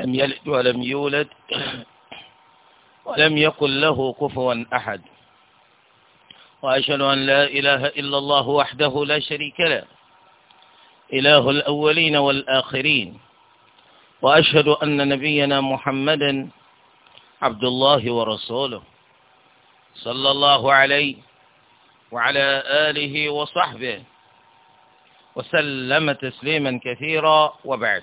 لم يلد ولم يولد ولم يقل له كفوا أحد وأشهد أن لا إله إلا الله وحده لا شريك له إله الأولين والآخرين وأشهد أن نبينا محمدا عبد الله ورسوله صلى الله عليه وعلى آله وصحبه وسلم تسليما كثيرا وبعد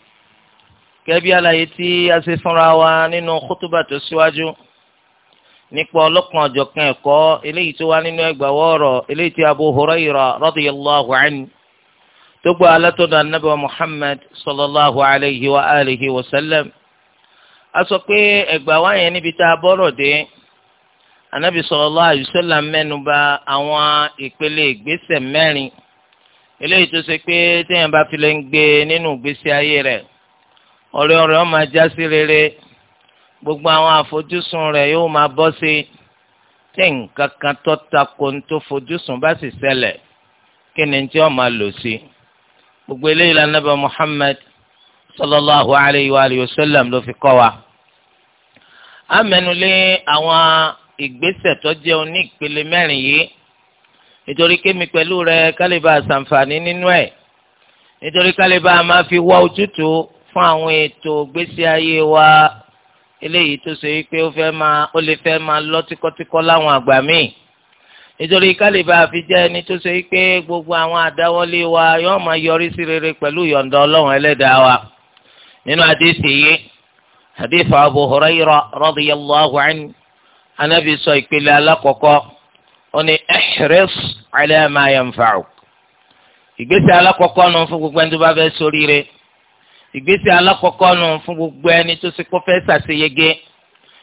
gẹ́gẹ́ bí àlàyé tí a ṣe fúnra wa nínú kótóbà tó síwájú nípa ọlọ́kan ọ̀jọ̀kan ẹ̀kọ́ eléyìí tó wá nínú ẹgbàwọ́ ọ̀rọ̀ eléyìí tí Abu Hurayra radiyallahu anhu tó gba alátọ́dọ̀ anábì Muhammad sallallahu alayhi wa alihi wa sallam a sọ pé ẹgbàwá yẹn níbi tá a bọ́rọ̀ dé anabi sallallahu alayhi wa sallam mẹ́nubà àwọn ìpele ìgbésẹ̀ mẹ́rin eléyìí tó ṣe pé téèyàn bá fi ń gbé nínú ìgbésí ayé rẹ̀ ọ̀rẹ́ ọ̀rẹ́ ọmọ ajá sí rere gbogbo àwọn àfojúsùn rẹ̀ yóò máa bọ́ sí tí nǹkan kan tó tako ní tó fojúsùn bá sì ṣẹlẹ̀ kí ni tí wọ́n máa lò sí. gbogbo eléyìí la Ànábì Muhammad sallallahu alayhi wa alihi wa sallam ló fi kọ́ wa. a mẹ́nulé àwọn ìgbésẹ̀ tó jẹ́ oní ìpele mẹ́rin yìí nítorí kémi pẹ̀lú rẹ̀ kálíbà ṣàǹfààní nínú ẹ̀ nítorí kálíbà máa fi wá ojútùú fún àwọn ètò gbésí ayé wa eléyìí tó ṣe wípé ó fẹ́ máa ó lè fẹ́ máa lọ tíkọ́tíkọ́ láwọn àgbà míì nítorí kálíbà fi jẹ́ ẹni tó ṣe wípé gbogbo àwọn àdáwọ́lé wa yóò máa yọrí sí rere pẹ̀lú ìyọ̀ǹda ọlọ́run ẹlẹ́dàá wa nínú àdéhìí yìí àdéhìí Abu Hurayra radiyallahu anhu anábì sọ ìpele alákọ̀ọ́kọ́ ó ní ihris ala ma yanfa'uk ìgbésẹ̀ alákọ̀ọ́kọ́ nu fún gbogbo ẹni tó bá fẹ́ ṣoríire ìgbésẹ̀ alákọ̀ọ́kọ́ nù fún gbogbo ẹni tó sì kó fẹ́ ṣàṣeyege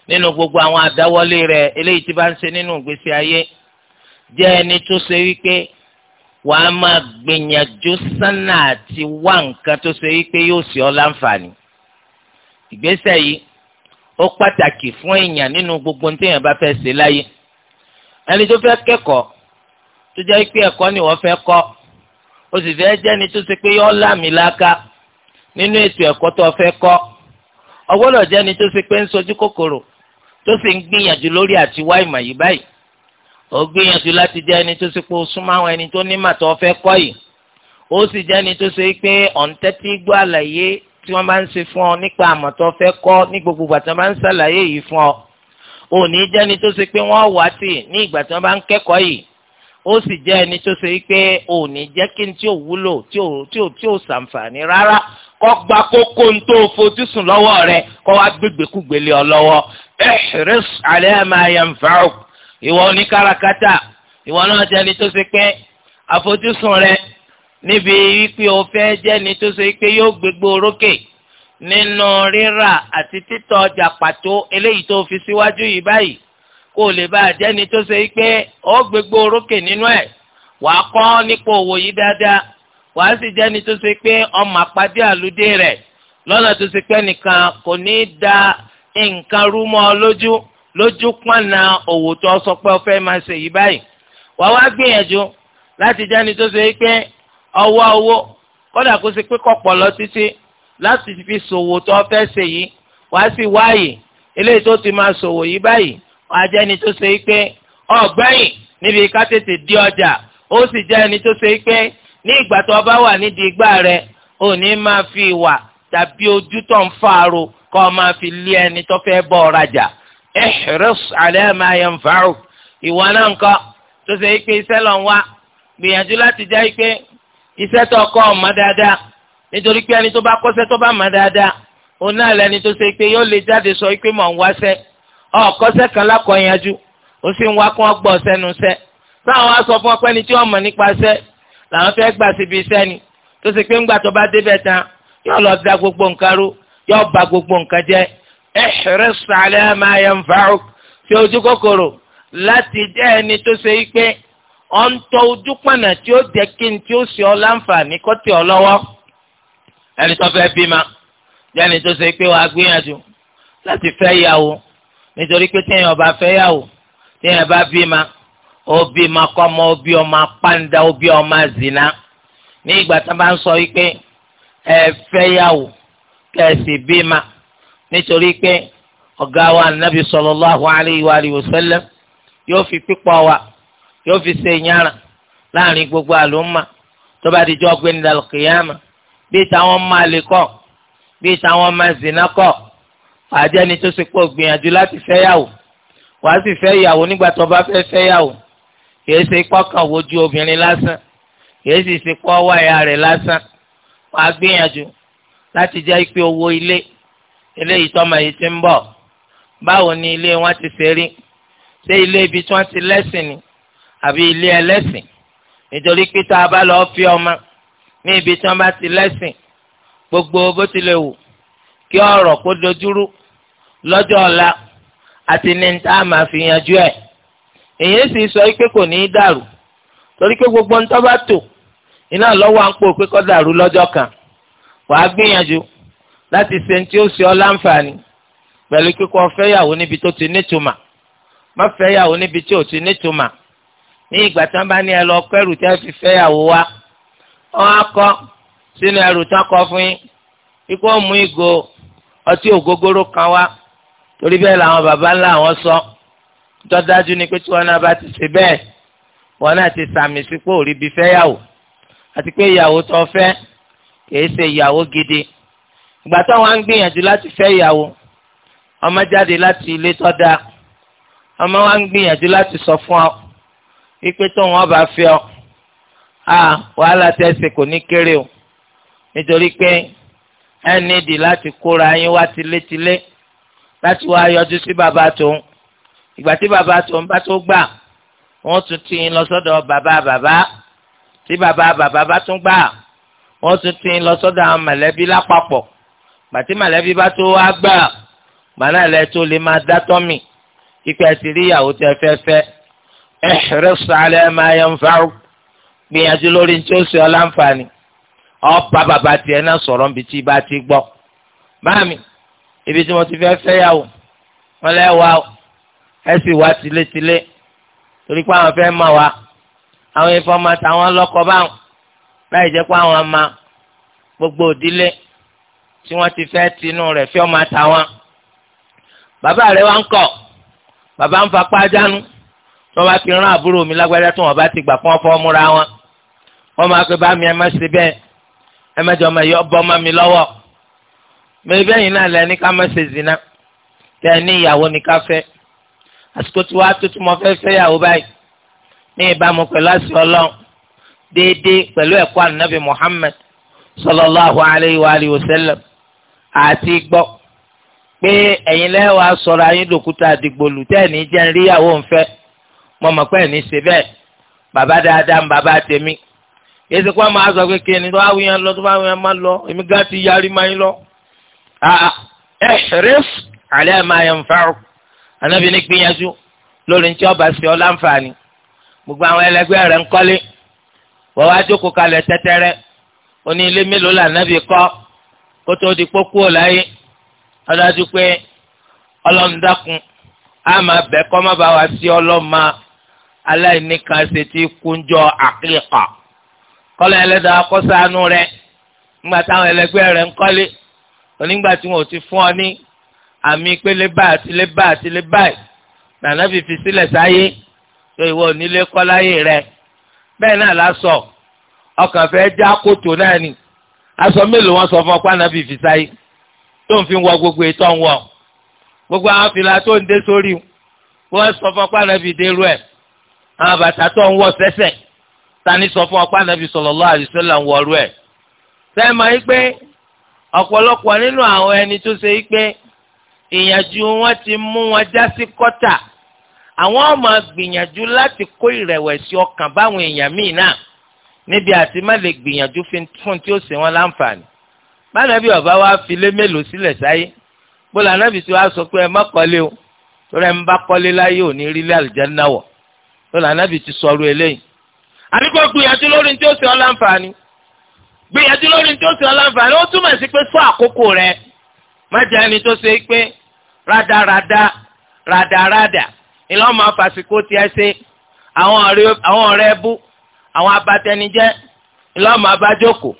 nínú gbogbo àwọn àdáwọlé rẹ̀ eléyìí tí bá ń ṣe nínú ìgbésí ayé jẹ́ ẹni tó ṣe wípé wàá máa gbìyànjú sánà àti wá nǹkan tó ṣe wípé yóò ṣe ọ́ láǹfààní ìgbésẹ̀ yìí ó pàtàkì fún èèyàn nínú gbogbo ní téèyàn bá fẹ́ ṣe láyé ẹni tó fẹ́ kẹ́kọ̀ọ́ tó jẹ́ pé ẹ̀kọ́ ni wọ́n fẹ́ kọ́ ó sì fẹ́ jẹ́ni tó ṣe pé yọ́ láàmì láká nínú ètò ẹ̀kọ́ tó fẹ́ kọ́ ọgbọ́dọ̀ jẹ́ ni tó ṣe pé ń sojú kòkòrò tó sì ń gbìyànjú lórí àti wá ìmọ̀ yìí báyìí ó gbìyànjú láti jẹ́ ẹni tó ṣe pé o súnmọ́ àwọn ẹni tó nímọ̀ tó o fẹ́ kọ́ yìí ó sì jẹ́ ni tó ṣe pé ọ̀ǹtẹ́tí gbọ́ àlàyé tí wọ́n bá ń ṣe fún ọ nípa àmọ̀ tó o fẹ́ kọ́ ní gbogbo ìgbà tí wọ́n bá ń ṣàlàyé yìí fún ọ ò ní jẹ́ ni tó ṣe pé wọ́n wá sí ní ìgbà tí wọ́n bá ń kẹ́kọ̀ọ́ yìí ó sì jẹ́ ẹni tó ṣe pé ò ní jẹ́ kí n tí ò wúlò tí ò tí ò tí ò ṣàǹfààní rárá kọ́ gba kókó ń tó fojú sùn lọ́wọ́ rẹ kọ́ wá gbégbékúgbélé ọ lọ́wọ́ ihris ala ma yanfa'uk ìwọ oníkàràkátà ìwọ náà jẹ́ ni tó ṣe pé àfojúsùn rẹ níbi wípé o fẹ́ jẹ́ ni tó ṣe pé yóò gbégbó orókè nínú rírà àti títọ́ ọjà pàtó eléyìí tó fi síwájú yìí báyìí kó o lè bá a jẹ́ ni tó ṣe pé ó gbégbó orókè nínú ẹ̀ wàá kọ́ nípa òwò yìí dáadáa wàá sì jẹ́ ni tó ṣe pé ọmọ àpàdé àlùdé rẹ̀ lọ́nà tó ṣe pé nìkan kò ní í da nǹkan rú mọ́ ọ lójú lójú pọ́nà òwò tó sọ pé ọ fẹ́ máa ṣe yìí báyìí wàá wá gbìyànjú láti jẹ́ ni tó ṣe pé ọwọ́ owó kódà kó ṣe pé kọ̀pọ̀ lọ títí láti fi ṣòwò tó fẹ́ ṣe yìí wàá sì wáyè eléyìí tó ti máa ṣòwò yìí báyìí wàá jẹ́ ni tó ṣe pé ọ̀gbẹ́yìn níbi ká tètè di ọjà ó sì jẹ́ ẹni tó ṣe pé ní ìgbà tó o bá wà nídìí igbá rẹ ò ní máa fi ìwà tàbí ojú tó ń fàárò kọ́ ọ máa fi lé ẹni tó fẹ́ bọ́ ọ rajà ihris ala ma yanfa'u ìwà náà nǹkan tó ṣe é pé iṣẹ́ lọ ń wá gbìyànjú láti jẹ́ pé iṣẹ́ tó kọ́ ọ mọ́ dáadáa nítorí pé ẹni tó bá kọ́ṣẹ́ tó bá mọ̀ dáadáa òun náà lẹni tó ṣe pé yóò lè jáde sọ pé mọ̀ ń wáṣẹ́ ọ̀kọ́ṣẹ́ kan lákọ̀ọ́yanjú ó sì ń wá kó wọ́n gbọ́ sẹ́nu táwọn á sọ fún ọpẹ́ni tí wọ́n mọ̀ nípasẹ́ làwọn fẹ́ gbà síbi iṣẹ́ ni tó ṣe pé ńgbà tó bá débẹ̀ tán yóò lọ da gbogbo nǹkan rú yóò ba gbogbo nǹkan jẹ́ ihris ala ma yanfa'uk ṣe ojú kòkòrò láti jẹ́ ẹni tó ṣe pé ọ̀ ń tọ ojú pọ̀nà tí ó jẹ́ kí n tí ó ṣe ọ láǹfààní kó tẹ̀ ọ lọ́wọ́ ẹni tó fẹ́ bímọ jẹ́ ẹni tó ṣe pé wàá gbìyànjú láti fẹ́ yàwó nítorí pé téèyàn bá fẹ́ yàwó téèyàn bá bímọ obi makọ ọmọ obi ọmọ panda obi ọmọ zina ní ìgbà tí wọ́n bá ń sọ wípé ẹ fẹ́yàwó kẹsì bímá nítorí pé ọ̀gá wa nàbì sallallahu alayhi wa alihi wa sallam yóò fi pípọ̀ wa yóò fi ṣe ìyára láàrin gbogbo àlùmọ́ tó bá di jọ́ gbé ní dàlùkìyàmà bí táwọn máa lè kọ́ bí táwọn máa zina kọ́ àjẹni tó ṣe pọ̀ gbìyànjú láti fẹ́yàwó wàá sì fẹ́ ìyàwó nígbà tó bá fẹ́ fẹ́yàwó kìí ṣe pọ́kàn wojú obìnrin lásán kìí sì ṣe pọ́ wáyà rẹ̀ lásán wọ́n á gbìyànjú láti jẹ́ pé owó ilé eléyìí tọ́mọ yìí ti ń bọ̀ báwo ni ilé wọn ti ṣe rí ṣé ilé ibi tí wọ́n ti lẹ́sìn ni àbí ilé ẹlẹ́sìn nítorí pé tá a bá lọ fi ọmọ ní ibi tí wọ́n bá ti lẹ́sìn gbogbo bó tilẹ̀ wù kí ọ̀rọ̀ kó dojúrú lọ́jọ́ ọ̀la àti ní ní tá a máa fi yanjú ẹ̀ èyí sì sọ pé kò ní í dàrú torí pé gbogbo ń tọ́ bá tò iná lọ́wọ́ à ń pò pé kọ́ dàrú lọ́jọ́ kan wàá gbìyànjú láti ṣe ní tí ó ṣe ọ́ láǹfààní pẹ̀lú kíkọ́ fẹ́yàwó níbi tó ti nítumà má fẹ́yàwó níbi tí ò ti nítumà ní ìgbà tí wọ́n bá ní ẹ lọ kẹ́rù tẹ́ fi fẹ́yàwó wá wọ́n á kọ́ sínú ẹrù tán kọ́ fún yín kíkọ́ mú ìgò ọtí ògógóró kan wá torí bẹ́ẹ̀ làwọn baba ńlá àwọn sọ tọ́dájú ni pé tí wọn náà bá ti ṣe bẹ́ẹ̀ wọn náà ti sàmì sípò rí bí fẹ́yàwó àti pé ìyàwó tó fẹ́ kìí ṣe ìyàwó gidi ìgbà tó wọn ń gbìyànjú láti fẹ́ ìyàwó ọmọ jáde láti ilé tó dáa ọmọ wa ń gbìyànjú láti sọ fún ọ wípé tó wọn bá fẹ́ ọ a wàhálà tẹsí kò ní kéré o nítorí pé ẹ nídìí láti kóra yín wá tilétilé láti wá yọjú sí bàbá tòun ìgbà tí bàbá tó ń bá tó gbà wọ́n tún ti lọ sọ́dọ̀ bàbá bàbá tí bàbá bàbá bá tún gbà wọ́n tún ti lọ sọ́dọ̀ àwọn mọ̀lẹ́bí lápapọ̀ gbàtí mọ̀lẹ́bí bá tó wá gbà gbàná ilẹ̀ tó lè máa dá tọ́mì kíkẹ́ ti rí ìyàwó tẹ fẹ́fẹ́ ihris ala ma yanfa'u gbìyànjú lórí ní tí ó ṣe láǹfààní ọba bàbá tiẹ̀ náà sọ̀rọ̀ níbi tí ibà ti gbọ́ báàmì ibi tí mo ti fẹ́ fẹ́yàwó wọn lẹ́wàá ẹ sì wá tilétilé torí pé àwọn fẹ́ mọ̀ wá àwọn ìfọ̀mọ̀tà àwọn lọ́kọ báwọn láì jẹ́ pé àwọn ma gbogbo òdílé tí wọ́n ti fẹ́ tinú rẹ̀ fi ọmọ àtàwọn. bàbá rẹ̀ wá ń kọ̀ bàbá ń fapá jánu tí wọ́n bá ti rán àbúrò mi lágbájá tí wọ́n bá ti gbà fún ọfọ́ múra wọn. wọ́n máa pe bá mi ẹ má ṣe bẹ́ẹ̀ ẹ má jọ ọmọ yọ bọ́ ọmọ mi lọ́wọ́. mẹ́bí ẹ̀yin náà lẹ́ni ká má ṣe zina tẹ́ ẹ ní ìyàwó ni ká fẹ́ àsìkò tí wàá tó tí mo fẹ́ fẹ́yàwó báyìí ní ìbámu pẹ̀lú àṣì ọlọ́run déédéé pẹ̀lú ẹ̀kọ́ ànábì Muhammad sallallahu alayhi wa alihi wa sallam àti gbọ́ pé ẹ̀yin lẹ́wà sọ̀rọ̀ ayé lòkúta àdìgbòlù tẹ́ẹ̀ní jẹ́ ń ríyàwó ń fẹ́ mo mọ̀ pé ẹ̀ní ṣe bẹ́ẹ̀ bàbá dáadáa ń bàbá tèmi èsì kó máa sọ pé kí ẹni tó bá wíyàn lọ tó bá wíyàn má lọ èmi gá ti yarí máa ń lọ. ẹ̀ṣẹ̀rẹ́f alẹ́ máa yẹn fáwọn anábì ní gbìyànjú lórí ntí ọba sí ọ láǹfààní gbogbo àwọn ẹlẹgbẹ́ rẹ̀ ń kọ́lé wọ́n wá jókòó kalẹ̀ tẹ́tẹ́rẹ́ oní ilé mélòó là nábì kọ́ kó tó di kókó láyé ọdájú pé ọlọ́run dákun á máa bẹ̀ kọ́ má bàa wá sí ọlọ́mà aláìníkan ṣe ti kúnjọ àkíkà kọ́lọ́ ẹlẹ́dàá kọ́sánú rẹ̀ ńgbà táwọn wọn ò ti fún ọ ní àmì pé lé báyìí àti lé báyìí àti lé báyìí nànà fìfi sílẹ̀ sáyé tó ìwọ onílé kọ́ láyé rẹ bẹ́ẹ̀ náà lásọ ọkàn fẹ́ já kótó náà ni aṣọ mélòó wọn sọ fún ọpá nànà fìfi sáyé tó ń fi wọ gbogbo ètò ń wọ gbogbo àwọn fìlà tó ń dé sórí wọn sọ fún ọpá nànà fìdé rú ẹ àwọn bàtà tó ń wọ sẹ́sẹ̀ tani sọ fún ọpá nànà fìdé sallallahu alaihi wasallam ń wọ rú ẹ sẹ́ẹ̀ máa ń pé ọ̀pọ̀lọpọ̀ nínú àwọn ẹni tó ṣe é pé ìyànjú wọn ti mú wọn já sí kọ́tà àwọn ọmọ gbìyànjú láti kó ìrẹ̀wẹ̀sì ọkàn báwọn èèyàn míì náà níbi àti má lè gbìyànjú fún tí ó ṣe wọn láǹfààní bánàbí ọba wa fi lé mélòó sílẹ̀ sáyé bólú anábì tí wàá sọ pé ẹ má kọ́lé o torí ẹ ń bá kọ́lé láyé ò ní rí ilé àlùjánnà wọ̀ bólú anábì ti sọ̀rọ̀ eléyìí. àdúgbò gbìyànjú lórí tí ó ṣe ọ́ láǹfààní gbìyànjú lórí tí ó ṣe ọ́ láǹfààní ó túmọ̀ sí pé sọ àkókò rẹ má jẹ́ ẹni tó ṣe pé rádaràda rádaràda ìlà ọmọ afàsìkò tiẹ̀ ṣe àwọn ọ̀rẹ́ ẹbú àwọn abatẹnijẹ́ ìlà ọmọ abájókòó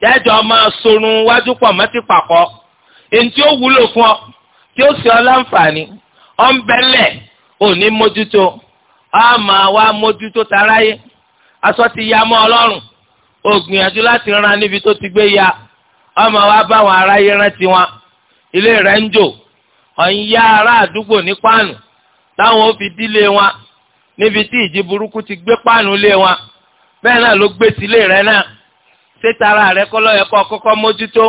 jẹ́jọ́ máa sunu wájú pọ̀ mọ́tì pàkọ́ èyí tí ó wúlò fún ọ tí ó sì ọ láǹfààní ọ ń bẹ́lẹ̀ òní mójútó a máa wá mójútó taráyé aṣọ ti ya mọ́ ọlọ́run ó láti ran níbi tó ti gbé ya ọmọ wa bá wọn aráyé rántí wọn ilé rẹ̀ ń jò ọ̀nyá ará àdúgbò ní páànù táwọn ó fi dílé wọn níbi tí ìjì burúkú ti gbé páànù lé wọn bẹ́ẹ̀ náà ló gbé sílé rẹ náà ṣé tara rẹ kọ́ lọ́yẹ kọ́ mójútó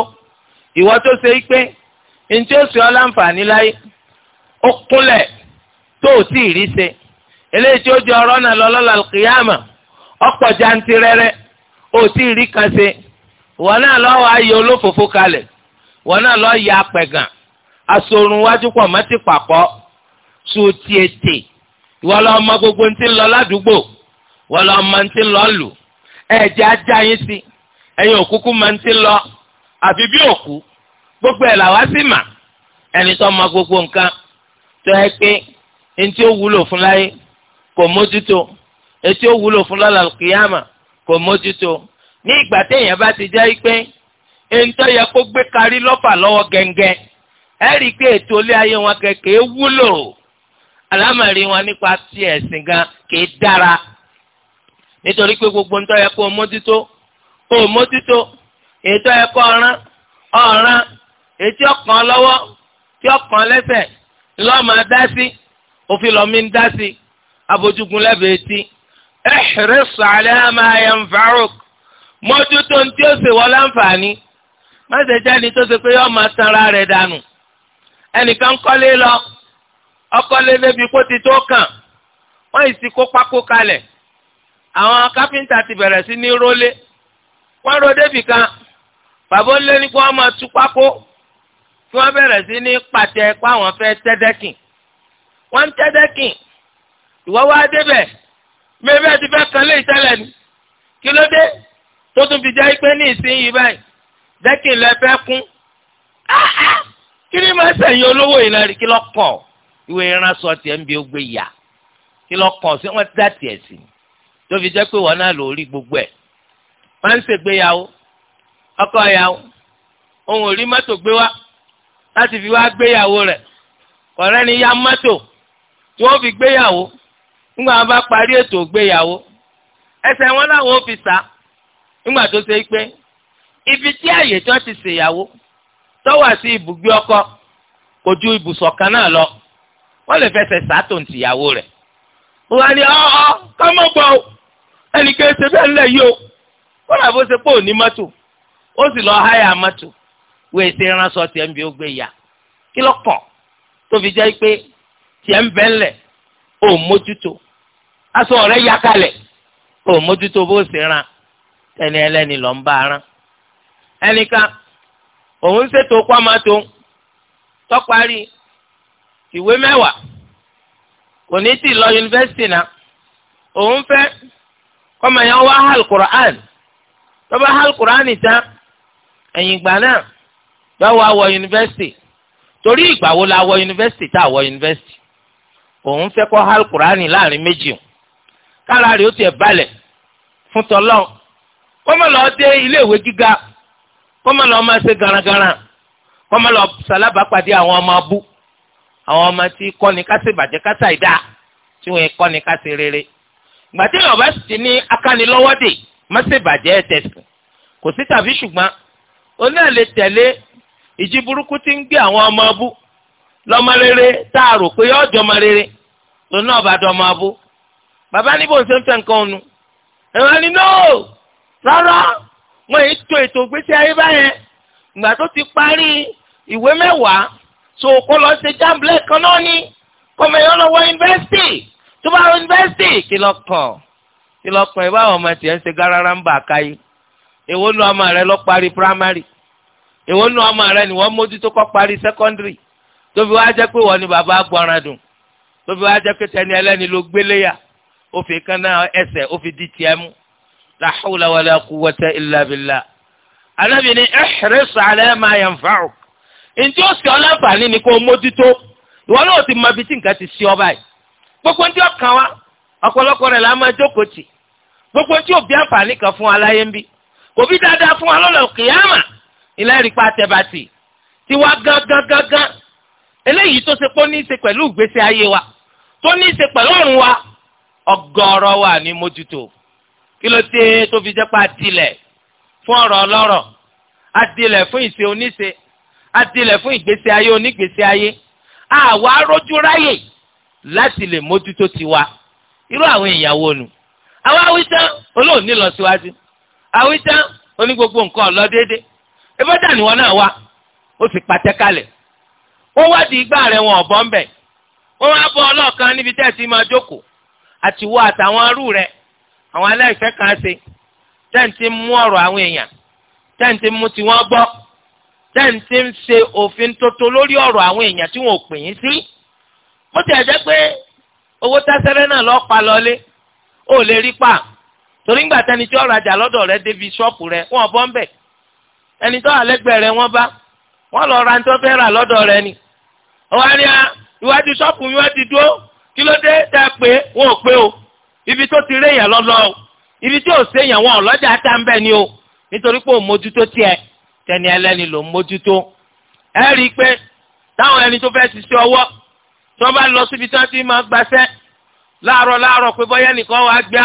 ìwọ tó ṣe é pé njẹ́ láyé ó kúnlẹ̀ tó tí ì rí ṣe eléyìí tí ó di ọ̀rọ̀ náà lọ́lọ́lá kìyàmà ọ̀pọ̀ jantirẹrẹ tí ì rí kan ṣe wọn náà lọ́wọ́ ayé olófòfó asorun wájú pọ̀ mọ́tì pàkọ́ sùn tiètè ìwọ lọ́ọ́ mọ gbogbo ntí ń lọ ládùúgbò ìwọ lọ́ọ́ mọ ntí ń lọ lù ẹ̀jẹ̀ ajá yín sí ẹ̀yin òkúkú mọ ntí ń lọ àfi bí òkú gbogbo ẹ̀ làwa sì mà ẹni tó mọ gbogbo nǹkan tó ẹ pé ntí ó wúlò fún láyé kò mójútó ntí ó wúlò fún lọ́la kìyàmà kò mójútó ní ìgbà téèyàn bá ti jẹ́ pé ntọ́ yẹ kó gbé karí lọ́fà lọ́wọ́ gẹ́ngẹ́ ẹ rí i pé ètò ilé ayé wọn kẹ̀kẹ́ wúlò àlámọ̀rí wọn nípa ti ẹ̀sìn gan kìí dára nítorí pé gbogbo ń tọ́ yẹ kó o mójútó o mójútó ètò yẹ kó ọ̀ràn ọ̀ràn ètí ọ̀kan lọ́wọ́ tí ọ̀kan lẹ́sẹ̀ lọ́ọ̀mà dá sí òfin lọ́mí ń dá sí abojúgun lẹ́bẹ̀ẹ́ tí ihris ala ma yanfa'uk mójútó ní tí ó ṣe láǹfààní má ṣe jẹ́ ni tó ṣe pé yọ́ọ́ máa tanra rẹ̀ dànù ẹnìkan kọ́lé lọ ọkọ́lé débi kó ti tó kàn wọ́n yìí sì kó pákó kalẹ̀ àwọn káfíńtà ti bẹ̀rẹ̀ sí ní rólé wọ́n ro débì kan bàbá ó lé ní kí wọ́n máa tú pákó kí wọ́n bẹ̀rẹ̀ sí ní pàtẹ pé àwọn fẹ́ tẹ́dẹ́kìn wọ́n ń tẹ́dẹ́kìn ìwọ́ wá débẹ̀ mẹ́fẹ́ ti fẹ́ kan lé ìtẹ́lẹ̀ ni kí ló dé tó tún fi jẹ́ pé ní ìsinyìí báyìí dẹ́kìn lẹ fẹ́ kún kí ni máa sẹ̀yìn olówó yìí náà rí kí lọ́kọ̀ ìwé ìránṣọ tiẹ̀ ń bí ó gbé yà kí lọ́kọ̀ sí wọ́n dá tiẹ̀ sí tó fi jẹ́ pé wọ́n náà lò rí gbogbo ẹ̀ máa ń ṣègbéyàwó ọkọ ìyàwó òun ò rí mọ́tò gbé wá láti fi wá gbéyàwó rẹ̀ ọ̀rẹ́ ni ya mọ́tò tí wọ́n fi gbéyàwó nígbà wọn bá parí ètò gbéyàwó ẹsẹ̀ wọn fi sá nígbà tó ṣe pé ibi tí àyè tó ti ṣèyàwó tọ́wà sí ibùgbé ọkọ kò ju ibùsọ̀ kan náà lọ wọ́n lè fẹsẹ̀ sàátò ntìyàwó rẹ̀ wọ́n ní ọ̀ọ́ kọ́mọ́ gbọ́ ọ ẹnì kan ṣe bẹ́ẹ̀ ńlẹ̀ yìí o wọ́n làbó ṣe pé òní mọ́tò ó sì lọ háyà mọ́tò wọ́n èsì ránṣọ tiẹ̀ ń bí ó gbé ya kí ló kàn tó fi jẹ́ pé tiẹ̀ ń bẹ́ ńlẹ̀ ò mójútó aṣọ ọ̀rẹ́ ya kalẹ̀ ò mójútó bó ṣe ran ẹni ẹlẹ́ni ń bá òun ṣètò kwamato tọ́parí ìwé mẹ́wàá kò ní tí lọ yunifásitì náà òun fẹ́ kọ́mọ yẹn wá alukur'an tọ́ba alukur'an tán ẹ̀yìn ìgbà náà báwo a wọ yunifásitì torí ìgbà wo la wọ yunifásitì tá a wọ yunifásitì òun fẹ́ kọ́ alukur'an láàrin méjì o kára rẹ̀ ó tiẹ̀ balẹ̀ fún tọ́lọ́ kọ́mọ lọ dé ilé ìwé gíga kọ́mọ lọ máa ṣe garagara kọ́mọ lọ ṣalábàápàdé àwọn ọmọ abú àwọn ọmọ tí kọ́ni kásì bàjẹ́ kásà ìdá tí wọ́n kọ́ni kásì rere gbàtí ọba sì ti ní akánilọ́wọ́dè má ṣe bàjẹ́ ẹ̀tẹ̀sìn kò sí tàbí ṣùgbọ́n ó náà lè tẹ̀lé ìjì burúkú tí ń gbé àwọn ọmọ abú lọ́mọ rere tá a rò pé ọjọ́ ọmọ rere lòun náà bá dọ́ ọmọ abú bàbá níbo ń ṣe ń fẹ́ nǹkan ọ̀nu ẹ̀rọ wọ́n yìí tó ètò ìgbésí ayé báyẹn ìgbà tó ti parí ìwé mẹ́wàá so kó lọ ṣe jamblẹ̀ kan náà ní kọ́mẹ̀yọ́ lọ wọ yunifásitì tó bá wọ yunifásitì kí lọ kàn kí lọ kàn ìbáwọ̀ ọmọ tiẹ̀ ń ṣe gárárá ń bà káyé èwo nu ọmọ rẹ lọ parí primary èwo nu ọmọ rẹ ni wọ́n mójútó kọ́ parí secondary tóbi wá jẹ́ pé wọ́n ni bàbá agbọ̀nràn dùn tóbi wá jẹ́ pé tẹni ẹlẹ́ni ló gbéléyà ó fi kan náà ẹsẹ̀ ó di tiẹ̀ mú la hawla wala quwwata illa billah anabi ni ihris ala ma yanfa'uk ntí ó sì ọlọ́fààní ni kó mójútó ìwọ náà ti mọ ibi tí nǹkan ti sí ọ báyìí gbogbo ntí ọkàn wa ọ̀pọ̀lọpọ̀ rẹ̀ la máa jókòó tì gbogbo ntí òbí àǹfààní kan fún aláyé ń bí òbí dáadáa fún alọ́lọ́ kìyàmà ilẹ̀ rí pa tẹ̀bàtì tiwa gángángángán eléyìí tó ṣe pé ó ní í ṣe pẹ̀lú ìgbésí ayé wa tó ní í ṣe pẹ̀lú ọ̀run wa ọgọ́rọ̀ wa ní mójútó kí ló dé tó fi jẹ́ pé àtìlẹ̀ fún ọ̀rọ̀ ọlọ́rọ̀ àtìlẹ̀ fún ìṣe oníṣe àtìlẹ̀ fún ìgbésí ayé onígbésí ayé àwa rójú ráyè láti lè mójútó tiwa irú àwọn ìyàwó nu àwa awíjá olóòní lọ síwájú awíjá oní gbogbo nǹkan lọ déédéé ìbádà ni wọn náà wá ó sì pàtẹ kalẹ̀ ó wádìí igbá rẹ̀ wọn ọ̀bọ̀n bẹ̀ wọ́n wá bọ́ ọlọ́ọ̀kan níbi tẹ́ máa jókòó àtiwọ́ àtàwọn arú rẹ̀ àwọn aláìfẹ́ kan ṣe tẹ́ǹtì mú ọ̀rọ̀ àwọn èèyàn tẹ́ǹtì mú tiwọn gbọ́ tẹ́ǹtì ń ṣe òfin tuntun lórí ọ̀rọ̀ àwọn èèyàn tí wọn ò pè yín sí. ó ti ẹ̀jẹ̀ pé owó tẹ́sẹ̀rẹ́ náà lọ́ọ́ pa lọ́lé ó lè rí pa torí ńgbà tẹni tí ọ̀rọ̀ àjà lọ́dọ̀ rẹ débi ṣọ́ọ̀pù rẹ wọn bọ́ ń bẹ̀ ẹni tó àlẹ́gbẹ̀ rẹ wọ́n bá wọ́n lọ ra tó fẹ́ rà lọ́dọ̀ rẹ ni. ọ̀hún àríyá iwájú ṣọ́ọ̀pù mi wá ti dúró kí ló tẹ́ pé wọn ò pé o. ibi tó ti réyàn lọ́lọ́ o ibi tí ò séyàn wọn ọ̀lọ́jà tá ń ni o nítorí pé ò mójútó tiẹ̀ tẹni ẹlẹ́ni ló ń mójútó ẹ rí i pé táwọn ẹni tó fẹ́ lọ síbi tí wọ́n ti máa gbaṣẹ́ láàárọ̀ láàárọ̀ pé bọ́yá nìkan wàá gbé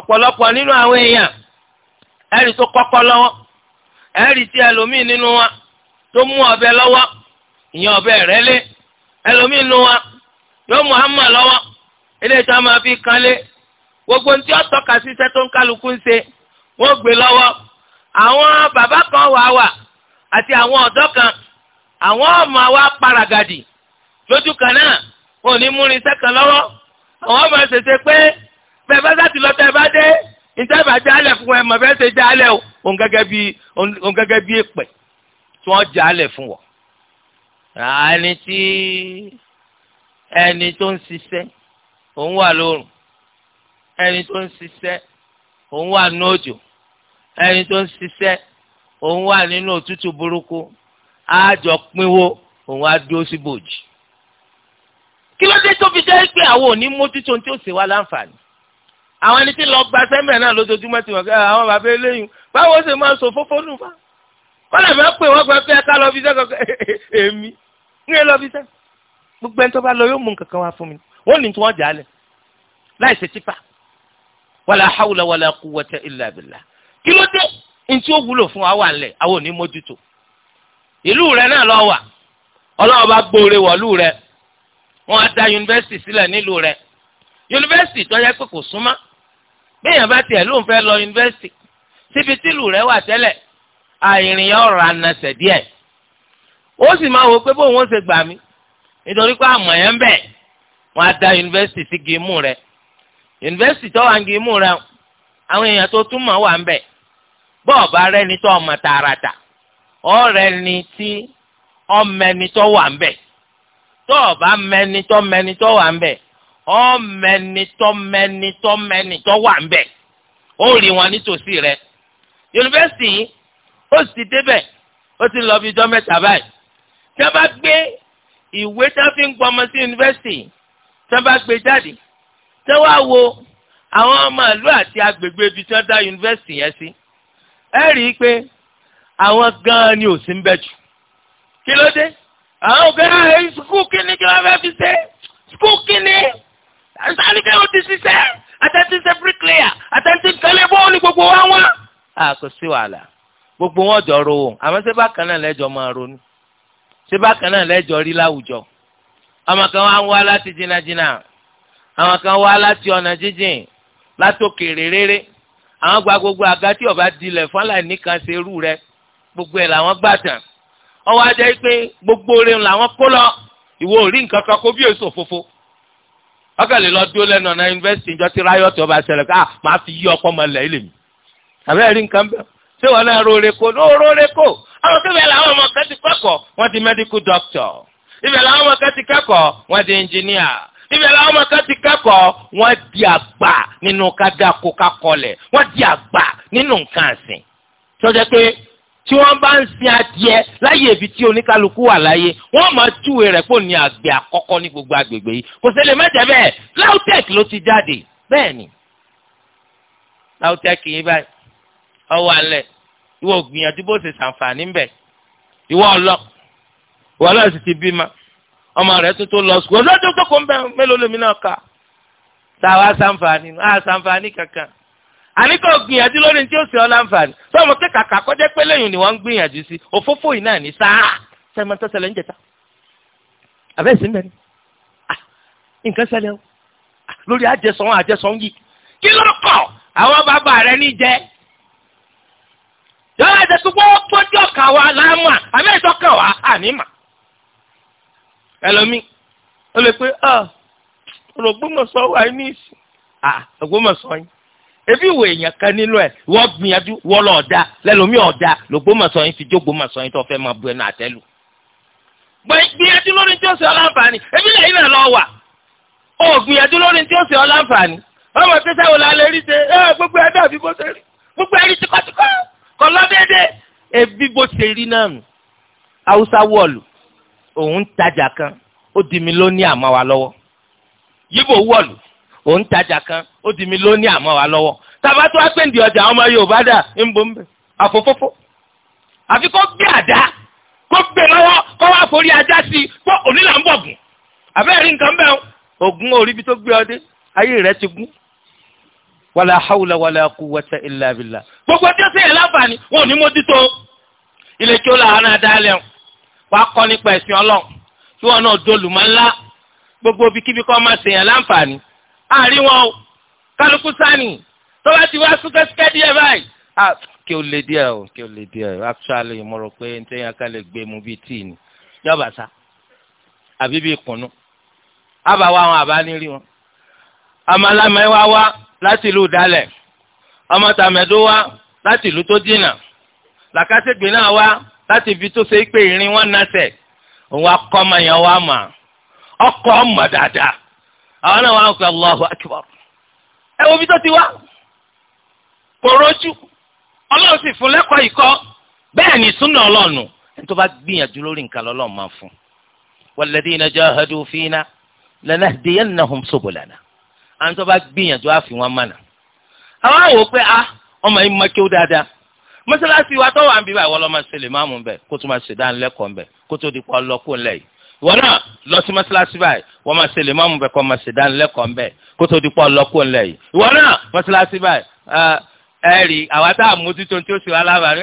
ọ̀pọ̀lọpọ̀ nínú àwọn èèyàn ẹ rí tó kọ́kọ́ lọ́wọ́ ẹ rí ẹlòmíì nínú tó mú lọ́wọ́ ìyẹn ẹlòmíì eléyìí tí wọ́n máa fi kanlé gbogbo ní tí wọ́n tọ́ka sí iṣẹ́ tó ń kálukú ń ṣe wọ́n gbé lọ́wọ́ àwọn bàbá kan wà wà àti àwọn ọ̀dọ́ kan àwọn ọmọ wa paragàdì lójú kan náà wọn ò ní múni iṣẹ́ kan lọ́wọ́ àwọn ọmọ ṣèṣe pé bẹ́ẹ̀ bá sáà ti lọ tẹ́ ẹ bá dé níta bá jálẹ̀ fún ẹ mọ̀ fẹ́ ṣe jálẹ̀ o òun gẹ́gẹ́ bí òun tí wọ́n jálẹ̀ fún wọn. ẹni tí ẹni tó ń ṣiṣẹ́ òun wà lóòrùn ẹni tó ń ṣiṣẹ́ òun wà ní òjò ẹni tó ń ṣiṣẹ́ òun wà nínú òtútù burúkú àjọ pínwó òun á dúró sí bòjì. kí ló dé tó fi jẹ́ pé àwọn òní mójútó tí ó ṣe wá láǹfààní àwọn ẹni tí lọ gba sẹ́mẹ̀ náà lójoojúmọ́ ti wọ̀ kí ah, àwọn bàbá eléyìí báwo ṣe máa sọ fófó nù fa kọ́lẹ̀ fẹ́ pè wọ́n gbẹ pé ẹ ká lọ fi sẹ́kọ̀ọ́ èmi ń lọ fi sẹ́kọ̀ọ́ gbogbo ẹni tó bá lọ yóò mú nǹkan kan wá fún mi wọ́n ní tí wọ́n jà á lẹ̀ láì ṣe tipa wàlà hawla wàlà quwwata illa billah kí ló dé ntí ó wúlò fún wa wà lẹ̀ àwọn ò ní mójútó ìlú rẹ náà lọ wà ọlọ́wọ́ bá gbóore wọ̀lú rẹ wọ́n á dá yunifásitì sílẹ̀ nílùú rẹ yunifásitì tó yẹ pé kò súnmọ́ bẹ́ẹ̀yàn bá tiẹ̀ ló ń fẹ́ lọ yunifásitì síbi tílù rẹ wà tẹ́lẹ̀ àìrìn ọ̀rọ̀ ànàṣẹ̀ díẹ̀ ó sì máa wò pé bóun ó ṣe gbà mí nítorí pé àmọ̀ yẹn ń bẹ̀ẹ́ wọ́n á dá yunifásitì sí gímù rẹ yunifásitì tó wà ń gímù rẹ àwọn èèyàn tó túmọ̀ wà ń bẹ̀ bọ́ọ̀bù arẹni tó ọmọ tààràtà ọ̀rẹ́ni tí ọmọẹni tó wà ń bẹ̀ tọ́ọ̀bù amẹni tó mẹni tó wà ń bẹ̀ ọmẹni tó mẹni tó mẹni tó wà ń bẹ̀ ó rí wọn nítòsí rẹ yunifásitì ó sì débẹ̀ ó ti lọ bí ọjọ́ báyìí tí a bá gbé ìwé tá a fi ń gbọmọ sí yunifásitì tẹ́ bá gbé jáde tẹ́ wá wo àwọn ọmọ ìlú àti agbègbè ibi tí wọ́n dá yunifásitì yẹn sí ẹ rí i pé àwọn gan-an ni ò sí ń bẹ̀ jù kí ló dé àwọn òkè ààrẹ ah, sukùl kínní kí wọ́n fẹ́ fi ṣe sukùl kínní àtàlùkẹ́ ò ti ṣiṣẹ́ àtẹ̀tí ṣe bricklayer àtẹ̀tí kẹlẹ́ bọ́ọ̀lù gbogbo wa wá. a sí wàhálà gbogbo wọn jọ ro àmọ́ ṣé náà lẹ́jọ́ máa ronú ṣé náà lẹ́jọ́ rí láwùjọ àwọn kan wá ń wá láti jìnnàjìnnà àwọn kan wá láti ọ̀nà jíjìn látòkèrè rere àwọn gba gbogbo àga tí ọba dilẹ̀ fún aláìní kan ṣe irú rẹ gbogbo ẹ̀ làwọn gbà tàn ọwọ́ ajá yìí pé gbogbo orin làwọn kó lọ ìwọ ò rí nǹkan kan kó bí èso fòfo ọkàn lè lọ dúró lẹ́nu ọ̀nà yunifásitì ìjọ tí ráyọ̀tì ọba ṣẹlẹ̀ ká ah, máa fi yí ọpọ́ máa lẹ̀ ilé mi àbẹ́ rí nǹkan bẹ́ẹ̀ ṣé wọn náà róreko ló róreko àwọn kébẹ̀ làwọn ọmọ kan ti kọ́kọ̀ wọ́n ti medical doctor ibẹ̀ làwọn ọmọ kan ti kẹ́kọ̀ọ́ wọ́n di ẹnjìníà ibẹ̀ làwọn ọmọ kan ti kẹ́kọ̀ọ́ wọ́n di àgbà nínú kádàkó kakọlẹ̀ wọ́n di àgbà nínú nǹkan àsìn sọjọ́ pé tí wọ́n bá ń sin adìẹ láyé ibi tí oníkálukú wà láyé wọ́n máa júwe rẹ̀ pò ní àgbẹ̀ àkọ́kọ́ ní gbogbo agbègbè yìí kò ṣẹlẹ̀ mẹ́jẹ̀ bẹ́ẹ̀ lautech ló ti jáde bẹ́ẹ̀ ni lautech yìí báyìí ọwọ́ alẹ̀ ìwọ gbìyànjú bó ṣe ṣàǹfààní ń bẹ̀ ìwọ ọlọ́ọ̀ wọ́n náà sì ti bímọ ọmọ rẹ̀ tó tó lọ sùkúl ọdún tó kó ń bẹ mélòó lèmi náà kà tá a wá sàǹfààní nù á sàǹfààní kankan àníkò gbìyànjú lórí ní tí ó sì ọ́ láǹfààní sọmọ pé kàkà kọjá pé lẹ́yìn ni wọ́n ń gbìyànjú sí òfófó yìí náà ní sáà sẹ́mi tó ṣẹlẹ̀ ń jẹta àbẹ́sí mẹ́rin ah, nǹkan ṣẹlẹ̀ o ah, lórí àjẹsán àjẹsán yìí kí ló kọ̀ àwọn bàbá rẹ̀ ní jẹ́ àjẹsán gbọ́ pọ́jọ́ kà wá láàmú àbẹ́sọ̀ kà wá ànímà ẹlòmíì ó lè pé ah ọ̀rọ̀ Ògbómọ̀ṣọ́ wà ní ìsìn ah Ògbómọ̀ṣọ́ yín ebi ìwé èèyàn kan nílò ẹ wọ́n gbìyànjú wọ́n lọ ọ̀dà lẹ́lòmíì ọ̀dà l'Ògbómọ̀ṣọ́ yín fi jógbómọ̀ṣọ́ yín tó fẹ́ máa bu ẹnu àtẹ́lù. gbìyànjú lórí tí ó ṣe ọláǹfààní ebi lẹ́yìn náà lọ wà ó gbìyànjú lórí tí ó ṣe ọláǹfààní ọmọ pẹ́sẹ́ wo la rí ṣe ẹ gbogbo ẹ dàbí bó ṣe rí gbogbo ẹ rí tíkọ́tíkọ́ kọ́ lọ́dẹ́dẹ́ ebi bó ṣe rí náà nù haúsá wọ̀lù òun tajà kan ó di mi lóní àmọ́ wa lọ́wọ́ yíbo wọ̀lù òun tajà kan ó di mi lóní àmọ́ wa lọ́wọ́ tàbá tó ọjà ọmọ Yorùbá dà ń àfòfófó àfi kó gbé àdá kó gbé lọ́wọ́ kó wá forí ajá sí i kó onílà ti gún gbogbo wọn ò ní mójútó ilé tí ó là á náà wàá kọ́ nípa ẹ̀sìn ọlọ́run tí wọn náà dolùmọ́ ńlá gbogbo bí kíbi kọ́ máa ṣèyàn láǹfààní àárín wọn o kálukú sani tó bá ti wá súkẹ́súkẹ́ díẹ̀ báyìí. kí o lè díẹ̀ o kí o lè díẹ̀ o actually mo rò pé nítorí aká lè gbé mu bíi tíì ni yọba sa àbí bíi kùnú àbá wa wọn àbá nírí wọn. amalamẹ wa wá láti ìlú dalẹ̀ ọmọ tàmẹ̀dó wá láti ìlú tó dínà làkàṣègbè náà wá láti ibi tó ṣe pé ìrìn wọn nasẹ̀ Nwa akọ́ ọmọ yẹn wá mọ ọkọ̀ ọmọ dáadáa àwọn náà wọn kọ Allahu ẹ wo ibi tó ti wá kò rojú sì fún lẹ́kọ̀ọ́ ikọ? bẹ́ẹ̀ ni súnà ọlọ́ọ̀nù ẹni tó bá gbìyànjú lórí nǹkan lọ́lọ́ọ̀ máa fún fina àwọn tó bá gbìyànjú àwọn àwò pé a ah, ọmọ yìí dáadáa mọ́sálásí wa tó wà ń bí báyìí wọ́n lọ́ máa ṣe lè máàmù bẹ̀ kó tó máa ṣe dánilẹ́kọ̀ọ́ bẹ̀ kó tó di pa ọlọ́kù ńlẹ̀ yìí ìwọ náà lọ sí mọ́sálásí báyìí wọ́n máa ṣe lè máàmù bẹ̀ kó máa ṣe dánilẹ́kọ̀ọ́ bẹ̀ kó tó di pa ọlọ́kù ńlẹ̀ yìí ìwọ náà mọ́sálásí báyìí ẹ rí àwa tá a mú títún tí ó sì wá lábàárí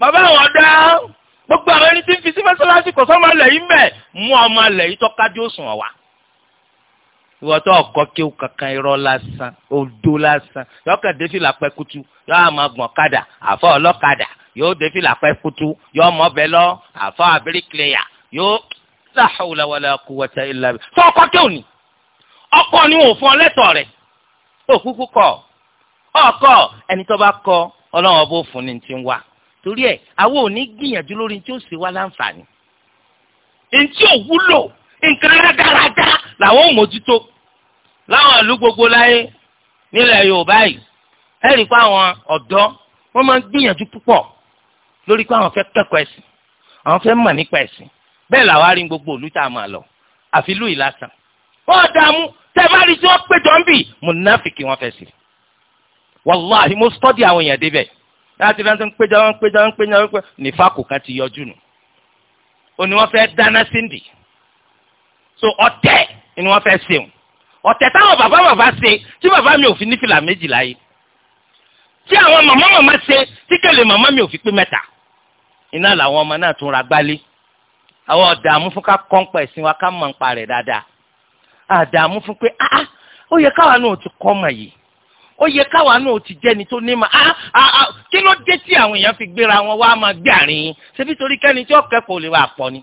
bàbá àwọn ọ̀dọ́ gbogbo àwọn ẹni tí ń fi sí mọ́sálásí kò ìwọ tó ọkọ kéwù kankan irọ́ lásán odó lásán yóò kàn dé fìlà pẹ́ kutu yóò àmọ́ gbọ̀n kadà àfọ́ ọlọ́kadà yóò dé fìlà pẹ́ kutu yóò mọ́ bẹ́ẹ̀ lọ àfọ́ àbíríkìlẹ̀yà yóò láhùlà wàlà kúwàtà ìlà bẹ́ẹ̀ tó ọkọ kéwù ni ọkọ ni wò fún ọ lẹ́tọ̀ rẹ̀ òkúkú kọ ọkọ ẹni tó bá kọ ọlọ́run ọbọ̀ fún ni ti ń wá torí ẹ̀ àwọn ò ní gbìyànjú lórí tí ó sì wá láǹfààní ntí ò wúlò nǹkan làwọn ò mójútó láwọn ìlú gbogbo láyé nílẹ̀ Yorùbá yìí ẹ rí i pé àwọn ọ̀dọ́ wọ́n máa ń gbìyànjú púpọ̀ lórí pé àwọn fẹ́ kẹ́kọ̀ọ́ ẹ̀sìn àwọn fẹ́ mọ̀ nípa ẹ̀sìn bẹ́ẹ̀ làwọn arí gbogbo ìlú tá a máa lọ àfi ìlú yìí lásán wọ́n dààmú tẹ́ bá rí tí wọ́n péjọ ń bì mùnáfìkì wọ́n fẹ́ sí i wàláhi mo stọ́dì àwọn èèyàn débẹ̀ láti fi ń péjọ ń péjọ ń péjọ ń péjọ nífàkù kan ti yọjú nù ó wọ́n fẹ́ dáná síndì so ọ̀tẹ̀ ni wọ́n fẹ́ ṣeun ọ̀tẹ̀ táwọn bàbá bàbá ṣe tí bàbá mi ò fi ní fìlà méjì láyé tí àwọn màmá màmá ṣe tí kẹlẹ̀ màmá mi ò fi pé mẹ́ta iná làwọn ọmọ náà tún ra gbálé àwọn ọ̀dààmú fún ká kọ́ńpà ẹ̀sìn wa ká mọ̀ nípa rẹ̀ dáadáa àdààmú fún pé ah, ah ó yẹ káwa náà ti kọ́ ọmọ yìí ó yẹ káwa náà ti jẹ́ni tó ní ma ah, ah ah kí ló dé tí àwọn èèyàn fi gbéra wọn wá máa gbé àárín yín ṣebí torí kẹ́ni tí ọ̀kẹ́kọ̀ọ́ lè wà pọ̀ ni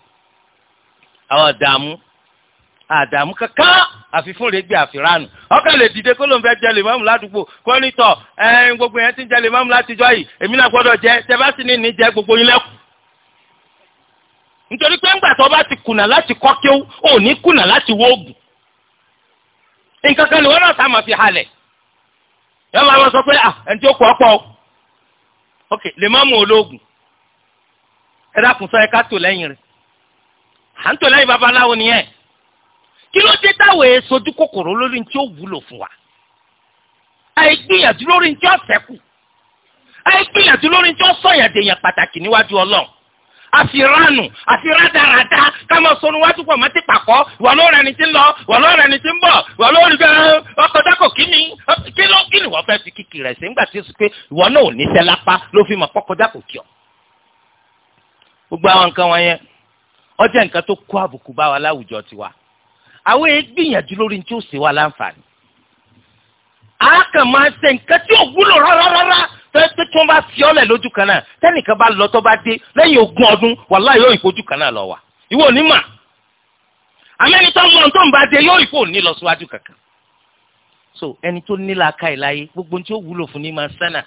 àwọn ọ̀dààmú àdàmú kankan àfifún rẹ gbé àfiránù ọkọ lè dìde kó ló ń fẹ́ jẹ lèmọọmù ládùúgbò kó ní tọ ẹn gbogbo yẹn ti ń jẹ lèmọọmù látijọ́ yìí èmi náà gbọ́dọ̀ jẹ tẹbásí ní ní jẹ gbogbo yín lẹkùn. nítorí pé ńgbà tó bá ti kùnà láti kọ́ kí ó ní kùnà láti wó oògùn nǹkan kan ni wọn náà máa fi halẹ̀ yọọ máa sọ pé ah ẹni tí ó kọ o ok lèmọọmù olóògùn ẹ dákun sọ ẹ ká tò lẹ́yìn rẹ à ń tò lẹ́yìn kí ló dé táwọn èso kòkòrò lórí tí ó wúlò fún wa àìgbìyànjú lórí ní tí ó ṣẹ́kù àìgbìyànjú lórí ní tí ó sọ̀yàn dèèyàn pàtàkì níwájú ọlọ́run àfìránù àfìrádàràdà kámọ sọnù wájú pọ̀ mọ́tì pàkọ́ wà tí ń lọ wà ni kí ló kí ni wọ́n fẹ́ fi kíkì rẹ̀ sí nígbà tí ó sọ náà ò ní sẹ́ lápá ló fi mọ̀ pọ́kọ̀ dákọ̀ àwọn ègbìyànjú lórí ní tí ó ṣe wá láǹfààní. a kàn máa ṣe nǹkan tí ò wúlò rárá pé tí wọ́n bá fi ọ́lẹ̀ lójú kan náà tẹ́nìkan bá lọ tó bá dé lẹ́yìn ogún ọdún wàláhì yóò ìfojú kan náà lọ wà ìwọ mà àmẹ́ni tó ń lọ tó ń bá lọ síwájú kankan. so ẹni tó ní aka ìláyé gbogbo tí ó wúlò fún ní máa sánà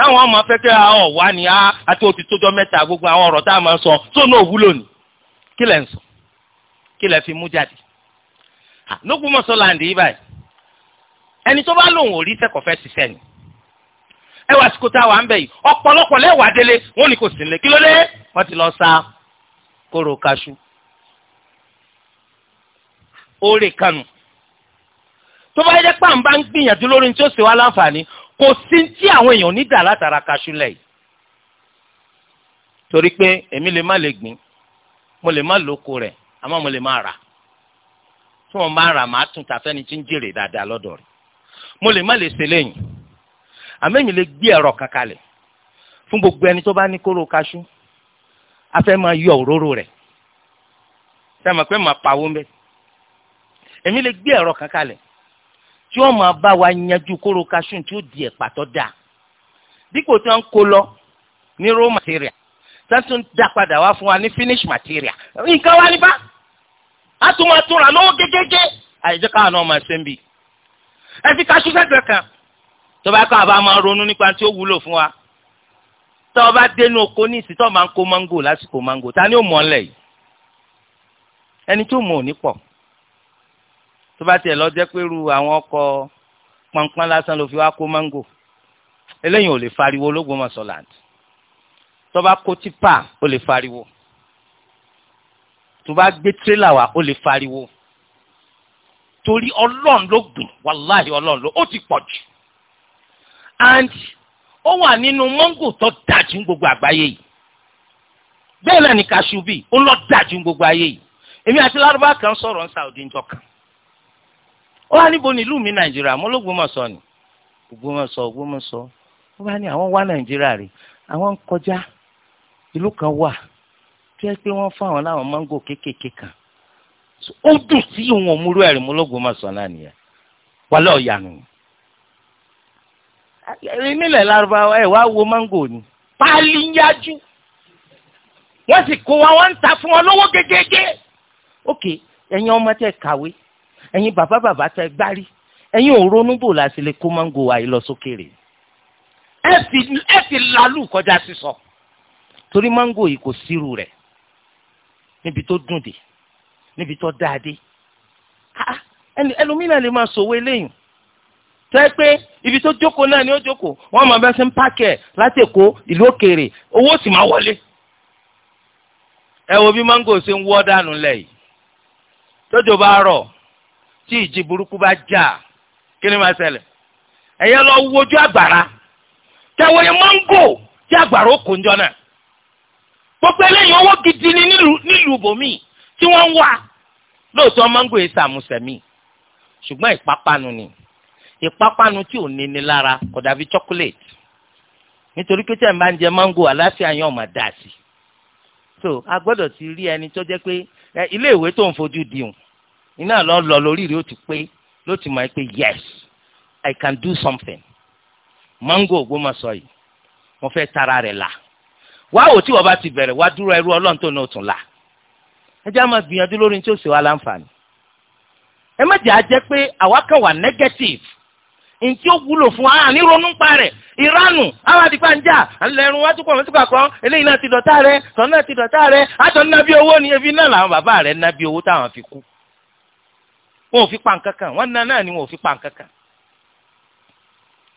táwọn ọmọ afẹ́kẹ́ ọ̀ wá ni á àti ó ti tójọ́ mẹ́ta gbogbo àwọn ọ̀rọ̀ tá a máa ń sọ tó náà wúlò ní kí lẹ̀ ń sọ kí lẹ̀ fi mú jáde. lókùmọ̀sọ làǹdì yìí báyìí ẹni tó bá lòun ò rí sẹ́kọ̀ọ́ fẹ́ ṣiṣẹ́ ni ẹ wá síkò tá a wà ń bẹ̀ yìí ọ̀pọ̀lọpọ̀ lẹ́wàá délé wọn ni kò sí nílé kí ló dé wọ́n ti lọ sa kóró kaṣu oore kanu tó bá yẹ kò sí tí àwọn èèyàn ní dà látara kaṣú lẹ̀ yìí torí pé èmi lè má lè gbìn mo lè má lóko rẹ̀ àmọ́ mo lè má rà tí wọ́n bá rà máa tún tàfẹ́ni tí ń jèrè dáadáa lọ́dọ̀ rẹ̀ mo lè má lè ṣe lẹ́yìn àmẹ́yìn lè gbé ẹ̀rọ kankalẹ̀ fún gbogbo ẹni tó bá ní kóró kaṣú afẹ́ máa yọ òróró rẹ̀ sẹ́mi pé màá pawó ń èmi lè gbé ẹ̀rọ kankalẹ̀ tí wọ́n máa bá wa yanjú kóró kashun tí ó di ẹ̀pà tó da. dípò tí wọ́n ń kó lọ ní raw material sẹ́tún dá padà wá fún wa ní finish material nǹkan wá nípa á tún máa túnra lọ́wọ́ gégége àìjẹ́ káwọn náà máa ṣe ń bì ẹ fi kasún sẹ́gbẹ̀ẹ́ kan tó bá kọ́ àbá máa ronú nípa tí ó wúlò fún wa tó o bá dénú oko ní ìsìtọ́ máa ń kó mángò lásìkò mángò ta ni ó mọ̀ ọ́ lẹ̀ yìí ẹni tí mọ̀ ní pọ̀ tó bá tiẹ̀ lọ jẹ́ pé ru àwọn ọkọ̀ pọnpọn lásán ló fi wá kó máńgò eléyìí ò lè fariwo ológun mọ̀sán land tó bá kó tipa ó lè fariwo tó bá gbé tírélà wá ó lè fariwo torí ọlọ́run ló gbìn wàláhì ọlọ́run ló ó ti pọ̀ jù and ó wà nínú mọ́ngò tó dájú gbogbo àgbáyé yìí bẹ́ẹ̀ náà ni kashubi, ó lọ dájú gbogbo ayé yìí èmi àti lárúbá kan sọ̀rọ̀ ní Saudi njọ́ kan ó wá níbo mi nàìjíríà mo lógbómọ̀ṣọ́ ni ògbómọ̀ṣọ́ ògbómọ̀ṣọ́ ó bá ní àwọn wá nàìjíríà rè àwọn ń kọjá kan wà pé fún àwọn láwọn kan ó dùn sí mo náà nìyẹn nílẹ̀ ẹ̀ wá wo ni ń yájú wọ́n sì kó wọ́n ń ta fún ọ lọ́wọ́ ẹ̀yin ọmọ tẹ ẹ̀yin bàbá bàbá tẹ gbárí ẹ̀yin ò ronú bò láti lè kó máńgò wa yìí lọ sókèrè ẹ fi ẹ fi làálù kọjá sísọ torí máńgò yìí kò sírù rẹ̀ níbi tó dùn dé níbi tó dáa dé ẹlòmínà lè máa sòwò eléyìí tẹ́ pé ibi tó jókòó náà ni ó jókòó wọ́n máa bẹ́ẹ̀ sí ń páàkì ẹ̀ láti èkó ìlú òkèèrè owó sì máa wọlé. ẹ wo bí máńgò ṣe ń wọ́ dànù lẹ̀ yìí bá rọ̀ tí ìjì burúkú bá jà kí ni máa ṣẹlẹ̀ ẹ̀yẹ lọ wojú àgbàrá tẹ̀wọ́ yẹn máńgò tí àgbàrá ó ń jọ náà gbogbo eléyìí owó gidi ni nílùú bòmíì tí wọ́n ń wá lóòótọ́ máńgò yìí sàmùsẹ̀mí ṣùgbọ́n ìpápánu ni ìpápánu tí ò ní ni lára kò dàbí chocolate nítorí pé tẹ̀ ń bá ń jẹ máńgò àlàáfíà yẹn ò dà sí so a gbọ́dọ̀ ti rí ẹni tó jẹ́ pé ilé ìwé tó ń fojú di òun iná lọ lọ lórí rẹ ó ti pé ló ti máa pé yes i can do something mango ògbómọ̀ṣọ́ yìí wọ́n fẹ́ tara rẹ̀ la wá ò tí wọ́n bá ti bẹ̀rẹ̀ wá dúró ẹrú ọlọ́run tó náà tún la ẹ jẹ́ àmọ́ gbìyànjú lórí tí ó sì wá láǹfààní ẹ má jẹ́ àjẹ́ pé àwa kan wà negative ntí ó wúlò fún wa ní ronú pa rẹ̀ ìránù àwọn àdìpá ń jà àlẹ́rùn wájú pọ̀ mọ́tò kàkọ́ eléyìí náà ti dọ̀tá rẹ̀ tọ́ ti dọ̀tá rẹ̀ àtọ̀ náà bí owó ni ebi náà làwọn bàbá rẹ̀ náà owó táwọn fi kú wọn ò fi pa nǹkan kan wọn nà náà ni wọn ò fi pa nǹkan kan.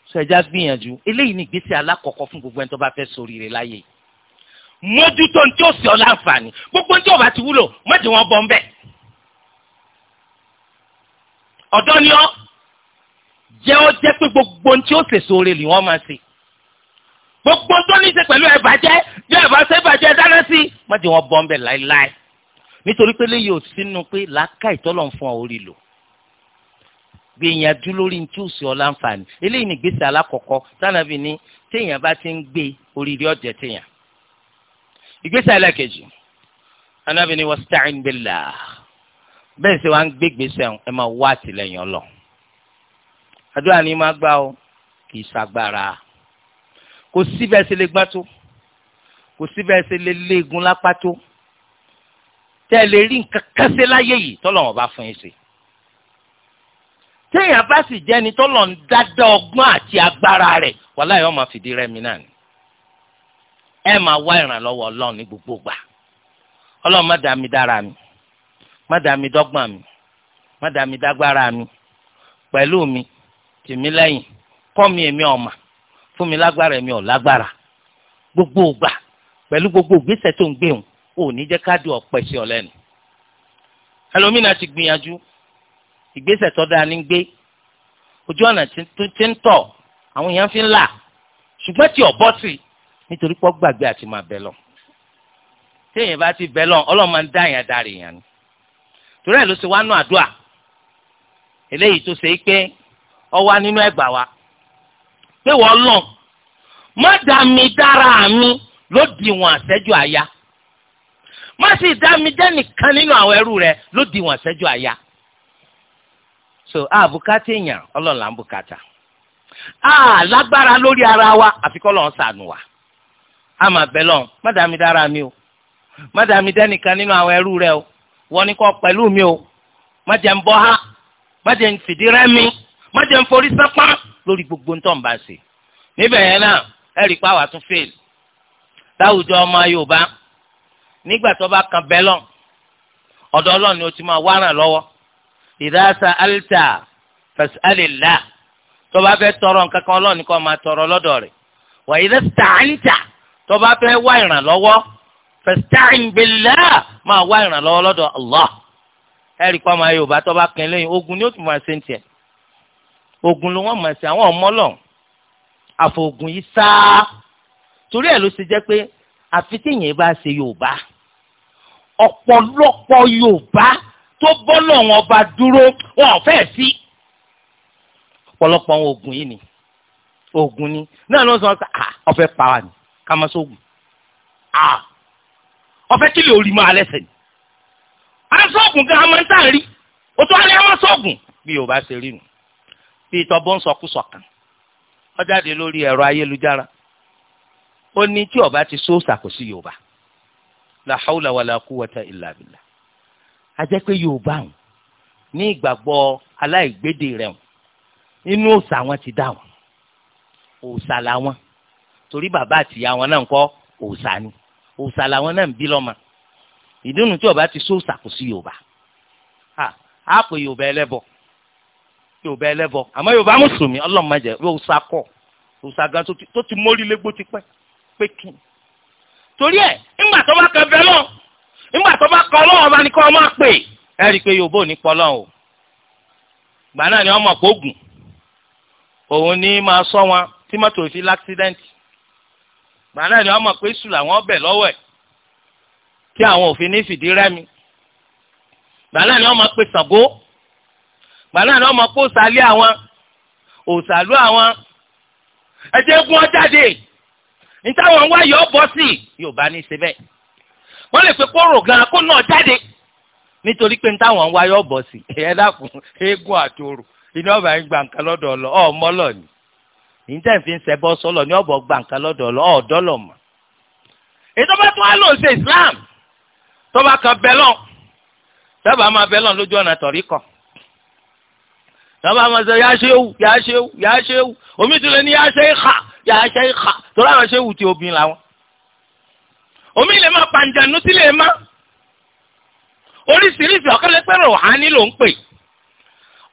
sọ ẹja gbìyànjú eléyìí ni ìgbésẹ̀ alákọ̀ọ́kọ́ fún gbogbo ẹni tó bá fẹ́ sórí rẹ̀ láyé yìí. mójútó ní tí ó sì ọ láǹfààní gbogbo ní tí ó bá ti wúlò mọ́tì wọn bọ́ ń bẹ̀. ọ̀dọ́ ni ọ́ jẹ́ ọ jẹ́ pé gbogbo ní tí ó sì sóore ni wọ́n máa ṣe. gbogbo tó ní í ṣe pẹ̀lú ẹ̀bàjẹ́ bí ẹ̀bàṣẹ́ ìbàjẹ́ dáná sí mọ́tì wọn bọ́ ń bẹ̀ láéláé nítorí pé léyìí ò sínú pé làákà ìtọ́lọ̀ fún ọ gbìyànjú lórí ní tí ó sì ọ láǹfààní eléyìí ní gbèsè alákọ̀ọ́kọ́ sànàbí ni téèyàn bá ti ń gbé oríire ọ̀jẹ̀ téèyàn. ìgbésẹ̀ alákejì anábì ni wasta'in billah bẹ́ẹ̀ sẹ́ wàá ń gbé gbèsè ẹ máa wá àtìlẹ́yìn ọlọ. àdúrà ni máa gbà ó kì í ṣàgbára kò síbẹ̀ ṣe lè gbá tó kò síbẹ̀ ṣe lè léegun lápá tó tẹ́ lè rí nǹkan kẹ́sẹ́ láyé yìí tọ́lọ́wọ́n téèyàn bá sì jẹ́ ni tọ́lọ̀ ń dáadáa ọgbọ́n àti agbára rẹ̀ wàhálà yóò máa fìdí rẹmi náà ni ẹ máa wá ìrànlọ́wọ́ ọlọ́run ní gbogbo gbà ọlọ́run má dàmí dára mi má dàmí dọ́gbọ́n mi má dàmí dágbára mi pẹ̀lú mi tìmí lẹ́yìn kọ́ mi èmi ọ̀mà fún mi lágbára èmi ò lágbára gbogbo gbà pẹ̀lú gbogbo ìgbésẹ̀ tó ń gbé òun ò ní jẹ́ ká dùn ọ̀pẹ̀ sí ọ lẹ́nu ẹlòmínà ti gbìyànjú ìgbésẹ̀ tó dáa ní gbé ojú ọ̀nà tí ń tọ̀ àwọn èèyàn fi ń là ṣùgbọ́n tí ọ̀bọ sí nítorí pọ́ gbàgbé àti máa bẹ̀ lọ tí èèyàn bá ti bẹ̀ lọ ọlọ́run máa ń dá èèyàn darí èèyàn ni torí ẹ̀ ló ṣe wá nù àdúà eléyìí tó ṣe é pé ó wà nínú ẹgbà wa pé wọ́n lọ má dá mi dára mi ló di wọn àṣẹ́jú àyà má sì dá mi dẹ́nìkan nínú àwọn ẹrú rẹ ló di àṣẹ́jú àyà so àbùkátà èèyàn ọlọ́run là ń bùkátà a lágbára lórí ara wa àfi kọ́ lọ́n sànù wa a máa bẹ̀ lọ́n mọ́dàmí dára mi o mọ́dàmí dẹ́nìkan nínú àwọn ẹrú rẹ o wọ́n ní kọ́ pẹ̀lú mi o mọ́jẹ̀ ń bọ́ ha mọ́jẹ̀ ń fìdí rẹ́mi mọ́jẹ̀ ń forí sápá lórí gbogbo ntọ́ ń bá ṣe níbẹ̀ yẹn náà ẹ̀rí pa wà tún fail láwùjọ ọmọ Yorùbá nígbà tó bá kan bẹ́ lọ́n ọ̀dọ̀ Ọlọ́run ni o ti máa wá ràn lọ́wọ́ idha sa'alta fas'alillah tó bá fẹ́ tọrọ nǹkan kan Ọlọ́run nìkan máa tọrọ lọ́dọ̀ rẹ̀ wa idha ista'anta tó bá fẹ́ wá ìrànlọ́wọ́ fasta'in billah máa wá ìrànlọ́wọ́ lọ́dọ̀ Allah ẹ̀rí pa máa yorùbá tó bá kẹ́ lẹ́yìn ogun ni ó tún máa ṣe ń tiẹ̀ ogun ló wọ́n máa ṣe àwọn ọmọ àfọ̀gùn yìí sáá torí ẹ̀ ló ṣe jẹ́ pé àfi bá ṣe yorùbá tó bọ́lọ̀ wọn bá dúró wọn ò fẹ́ sí. ọ̀pọ̀lọpọ̀ àwọn oògùn yìí ni oògùn ni náà ló sọ ọ́ ká ọ̀fẹ́ pa wá ni ká máa sóògùn ọ̀fẹ́ ah, kí lè orí máa lẹ́sẹ̀ ni. a sọ́ọ̀gùn gan-an máa ń tà rí o tó alẹ́ a máa sọ́ọ̀gùn bí yorùbá ṣe rí nu bí ìtọ́bọ̀ ń sọkúsọ kan ó lórí ẹ̀rọ ayélujára ó ní tí ọba ti sóòsà kò sí yorùbá la hawla wala quwwata illa billah ajẹ́ pé yorùbá hùn ní ìgbàgbọ́ aláìgbédè rẹ̀ hùn inú òòṣà wọn ti dà wọn òòṣà làwọn torí bàbá àtìyá wọn náà ń kọ́ òòṣà ni òòṣà làwọn náà ń bí lọ́mọ ìdúnnù tí ọba ti sóòṣà kò sí yorùbá a pè yorùbá ẹlẹ́bọ yorùbá ẹlẹ́bọ àmọ́ yorùbá mùsùlùmí ọlọ́mọdé òòṣà kọ̀ òòṣà gan tó ti mórí légbó ti pẹ́ pé kí torí ẹ̀ ńgbà tó bá kẹfẹ́ náà nígbà tó bá kọ ọlọ́run ọba ni kọ́ ọ máa pè ẹ rí i pé yorùbá ní pọ o gbà náà ni ọmọ kò gùn òun ní máa sọ wọn tí mọ́tò fi láksidẹ́ǹtì gbà náà ni ọmọ pé sùn làwọn bẹ̀ lọ́wọ́ ẹ̀ tí àwọn òfin ní fìdí rẹ́mi gbà náà ni ọmọ pé Ṣàngó gbà náà ni ọmọ pé òsàlẹ àwọn òsàlú àwọn ẹjẹ gún ọ jáde nítawọn wáyọ bọ sí yóò bá ní í ṣe bẹ́ẹ̀ wọ́n lè fi kóró gan kó náà jáde nítorí pé táwọn ń wáyọ̀ bọ̀ sí ẹ dákun eégún àtòrò inú ọba yín gba nǹkan lọ́dọ̀ ọ̀lọ́ ọmọ lọ ni ní tẹ́ ń fi ń sẹ́bọ́ sọ́lọ̀ ní ọ̀bọ̀ gba nǹkan lọ́dọ̀ ọ̀lọ́ ọ̀dọ́ lọ ètò bá tún á lò ṣe Islam tó bá kan bẹ́lọ̀ dábàá máa bẹ́lọ̀ lójú ọ̀nà tọ̀rí kọ̀ dábàá máa sọ yá ṣéwù yá ṣéwù yá ṣéwù omi tún lè ní yá ṣe é xà yá ṣe é xà tó láwọn ṣéwù ti obìnrin làwọn omi lè máa pàǹjànú sílẹ̀ má oríṣiríṣi ọ̀kẹ́lẹ́ pé rọ̀hání ló ń pè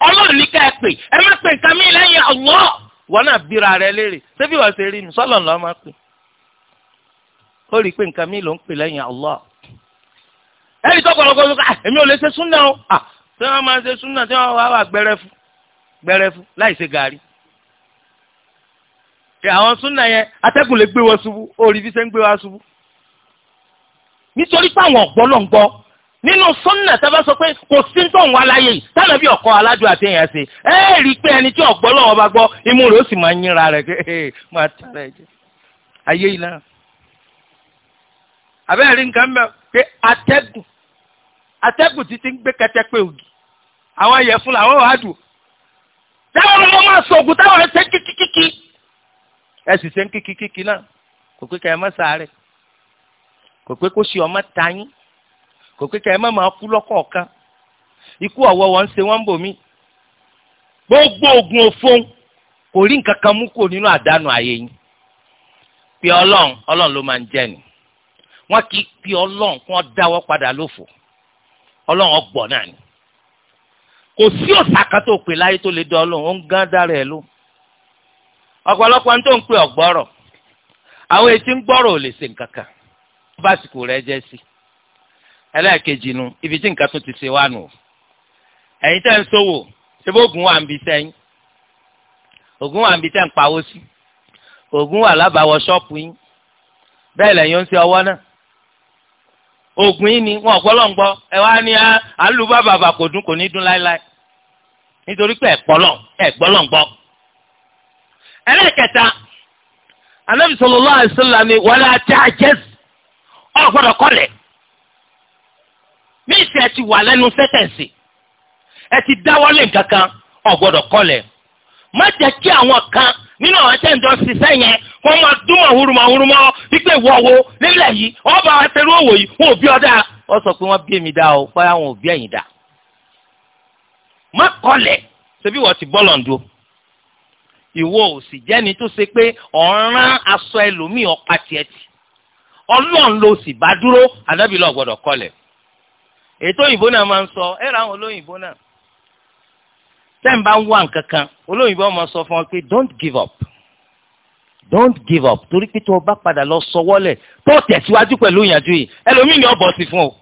ọlọ́run ní ká ẹ pè ẹ má pè nǹkan mí lẹ́yìn Allah wọn náà bíra rẹ léèrè ṣébí wọ́n ṣe rí nu sọ́lọ̀ ńlọ máa pè ó rí i pé nǹkan mí ló ń pè lẹ́yìn Allah ẹ̀rí tó gbọ́dọ̀ gbọ́dọ̀ ò lè ṣe súnà o ah, tí wọ́n máa ṣe súnà tí wọ́n wá gbẹrẹfu gbẹrẹfu láì ṣe gàrí àwọn súnà yẹn atẹ́kùn lè gbé wọn ṣubú ó rí bí ṣe nítorí pé àwọn ọ̀gbọ́n náà ń gbọ́ nínú sọ́nà tá a bá sọ pé kò sí tó ń wá láyé yìí a bí ọkọ alájọ àti èèyàn ṣe ẹ rí i pé ẹni tí ọ̀gbọ́n lọ́wọ́ bá gbọ́ imú rẹ̀ ó sì máa ń yínra rẹ̀ pé máa tẹ̀lé ẹ̀jẹ̀ ayé yìí náà. àbẹ́rẹ́ rí nǹkan mẹ́ pé atẹ́gùn atẹ́gùn títí ń gbé kẹtẹ́pẹ́ ògì àwọn ẹ̀yẹ̀fun làwọn wàá dùn. táwọn ọmọ máa sọ ògùn táwọn ẹ̀ ṣe kíkíkíkí ẹ̀ sì ṣe ń náà kò kò pé kó ṣe ọmọ ta yín kò pé kẹ́ ẹ má máa kú lọ́kọ̀ọ̀kan ikú ọ̀wọ́ wọn ń ṣe wọ́n ń bò mí gbogbo oògùn òfun kò rí nǹkan kan mú kò nínú àdánù ààyè yín pé ọlọ́run ọlọ́run ló máa ń jẹ́ ni wọ́n kì í pé ọlọ́run kí wọ́n dáwọ́ padà lófo ọlọ́run ọgbọ̀n náà ni kò sí òòṣà tó pè láyé tó lè dán ọlọ́run ó ń gán dára ẹ̀ ló ọ̀pọ̀lọpọ̀ ní tó ń pè ọ̀gbọ́rọ̀ àwọn etí ń gbọ́rọ̀ ò lè ṣe nǹkan kan básìkò rẹ̀ jẹ́ sí ẹlẹ́ẹ̀kejì nu ibi tí nǹkan tó ti ṣe wá nù ẹ̀yin tẹ́ ń sówò ṣé bó ògùn wà ń bi sẹ́yìn ògùn wà ń bi tẹ́ ń pawó sí ògùn wà lábàáwọ ṣọ́ọ̀pù yín bẹ́ẹ̀ lẹ́yìn ó ń ṣe ọwọ́ náà ògùn yín ni wọn ọ̀pọ̀lọ́ngbọ́ ẹ wá ní àlùbá bàbà kò dún kò ní dún láéláé nítorí pé ẹ̀pọ̀lọ́ ẹ̀gbọ́lọ́ngbọ́ ẹlẹ́ẹ̀kẹta anábìsọ̀lọ́lá àìsílẹ̀ ni wala ta'jaz ọ gbọ́dọ̀ kọlẹ̀ ní ìsìn ẹ ti wà lẹ́nu sẹ́tẹ̀ǹsì ẹ ti dáwọ́lé kankan ọ gbọ́dọ̀ kọlẹ̀ má jẹ́ kí àwọn kan nínú àwọn tẹ́ǹjọ́ ṣiṣẹ́ yẹn wọ́n máa dúnmọ̀ hurumọ̀ hurumọ̀ wípé ìwọ wo nílẹ̀ yìí wọ́n bá wa tẹ̀lé òwò yìí wọn ò bí ọ̀dà wọ́n sọ pé wọ́n bí èmi dá o pé àwọn ò bí ẹ̀yìn dá. má kọlẹ̀ ṣebí wọ́n ti bọ́ lọ́ndọ̀ ìwọ ò sì jẹ́ni tó ṣe pé ọ̀ràn aṣọ ẹlòmíì ọ̀pá tiẹ̀ tì ọlọ́run ló sì bá dúró ànábì lọ gbọ́dọ̀ kọlẹ̀ ètò òyìnbó náà máa ń sọ ẹ ra àwọn olóyìnbó náà tẹ́ǹ bá ń wá nǹkan kan olóyìnbó máa sọ fún ọ pé don't give up don't give up torí pé tó o bá padà lọ sọwọ́lẹ̀ tó o tẹ̀síwájú pẹ̀lú ìyànjú yìí ẹlòmíì ni ọ bọ̀ sí fún o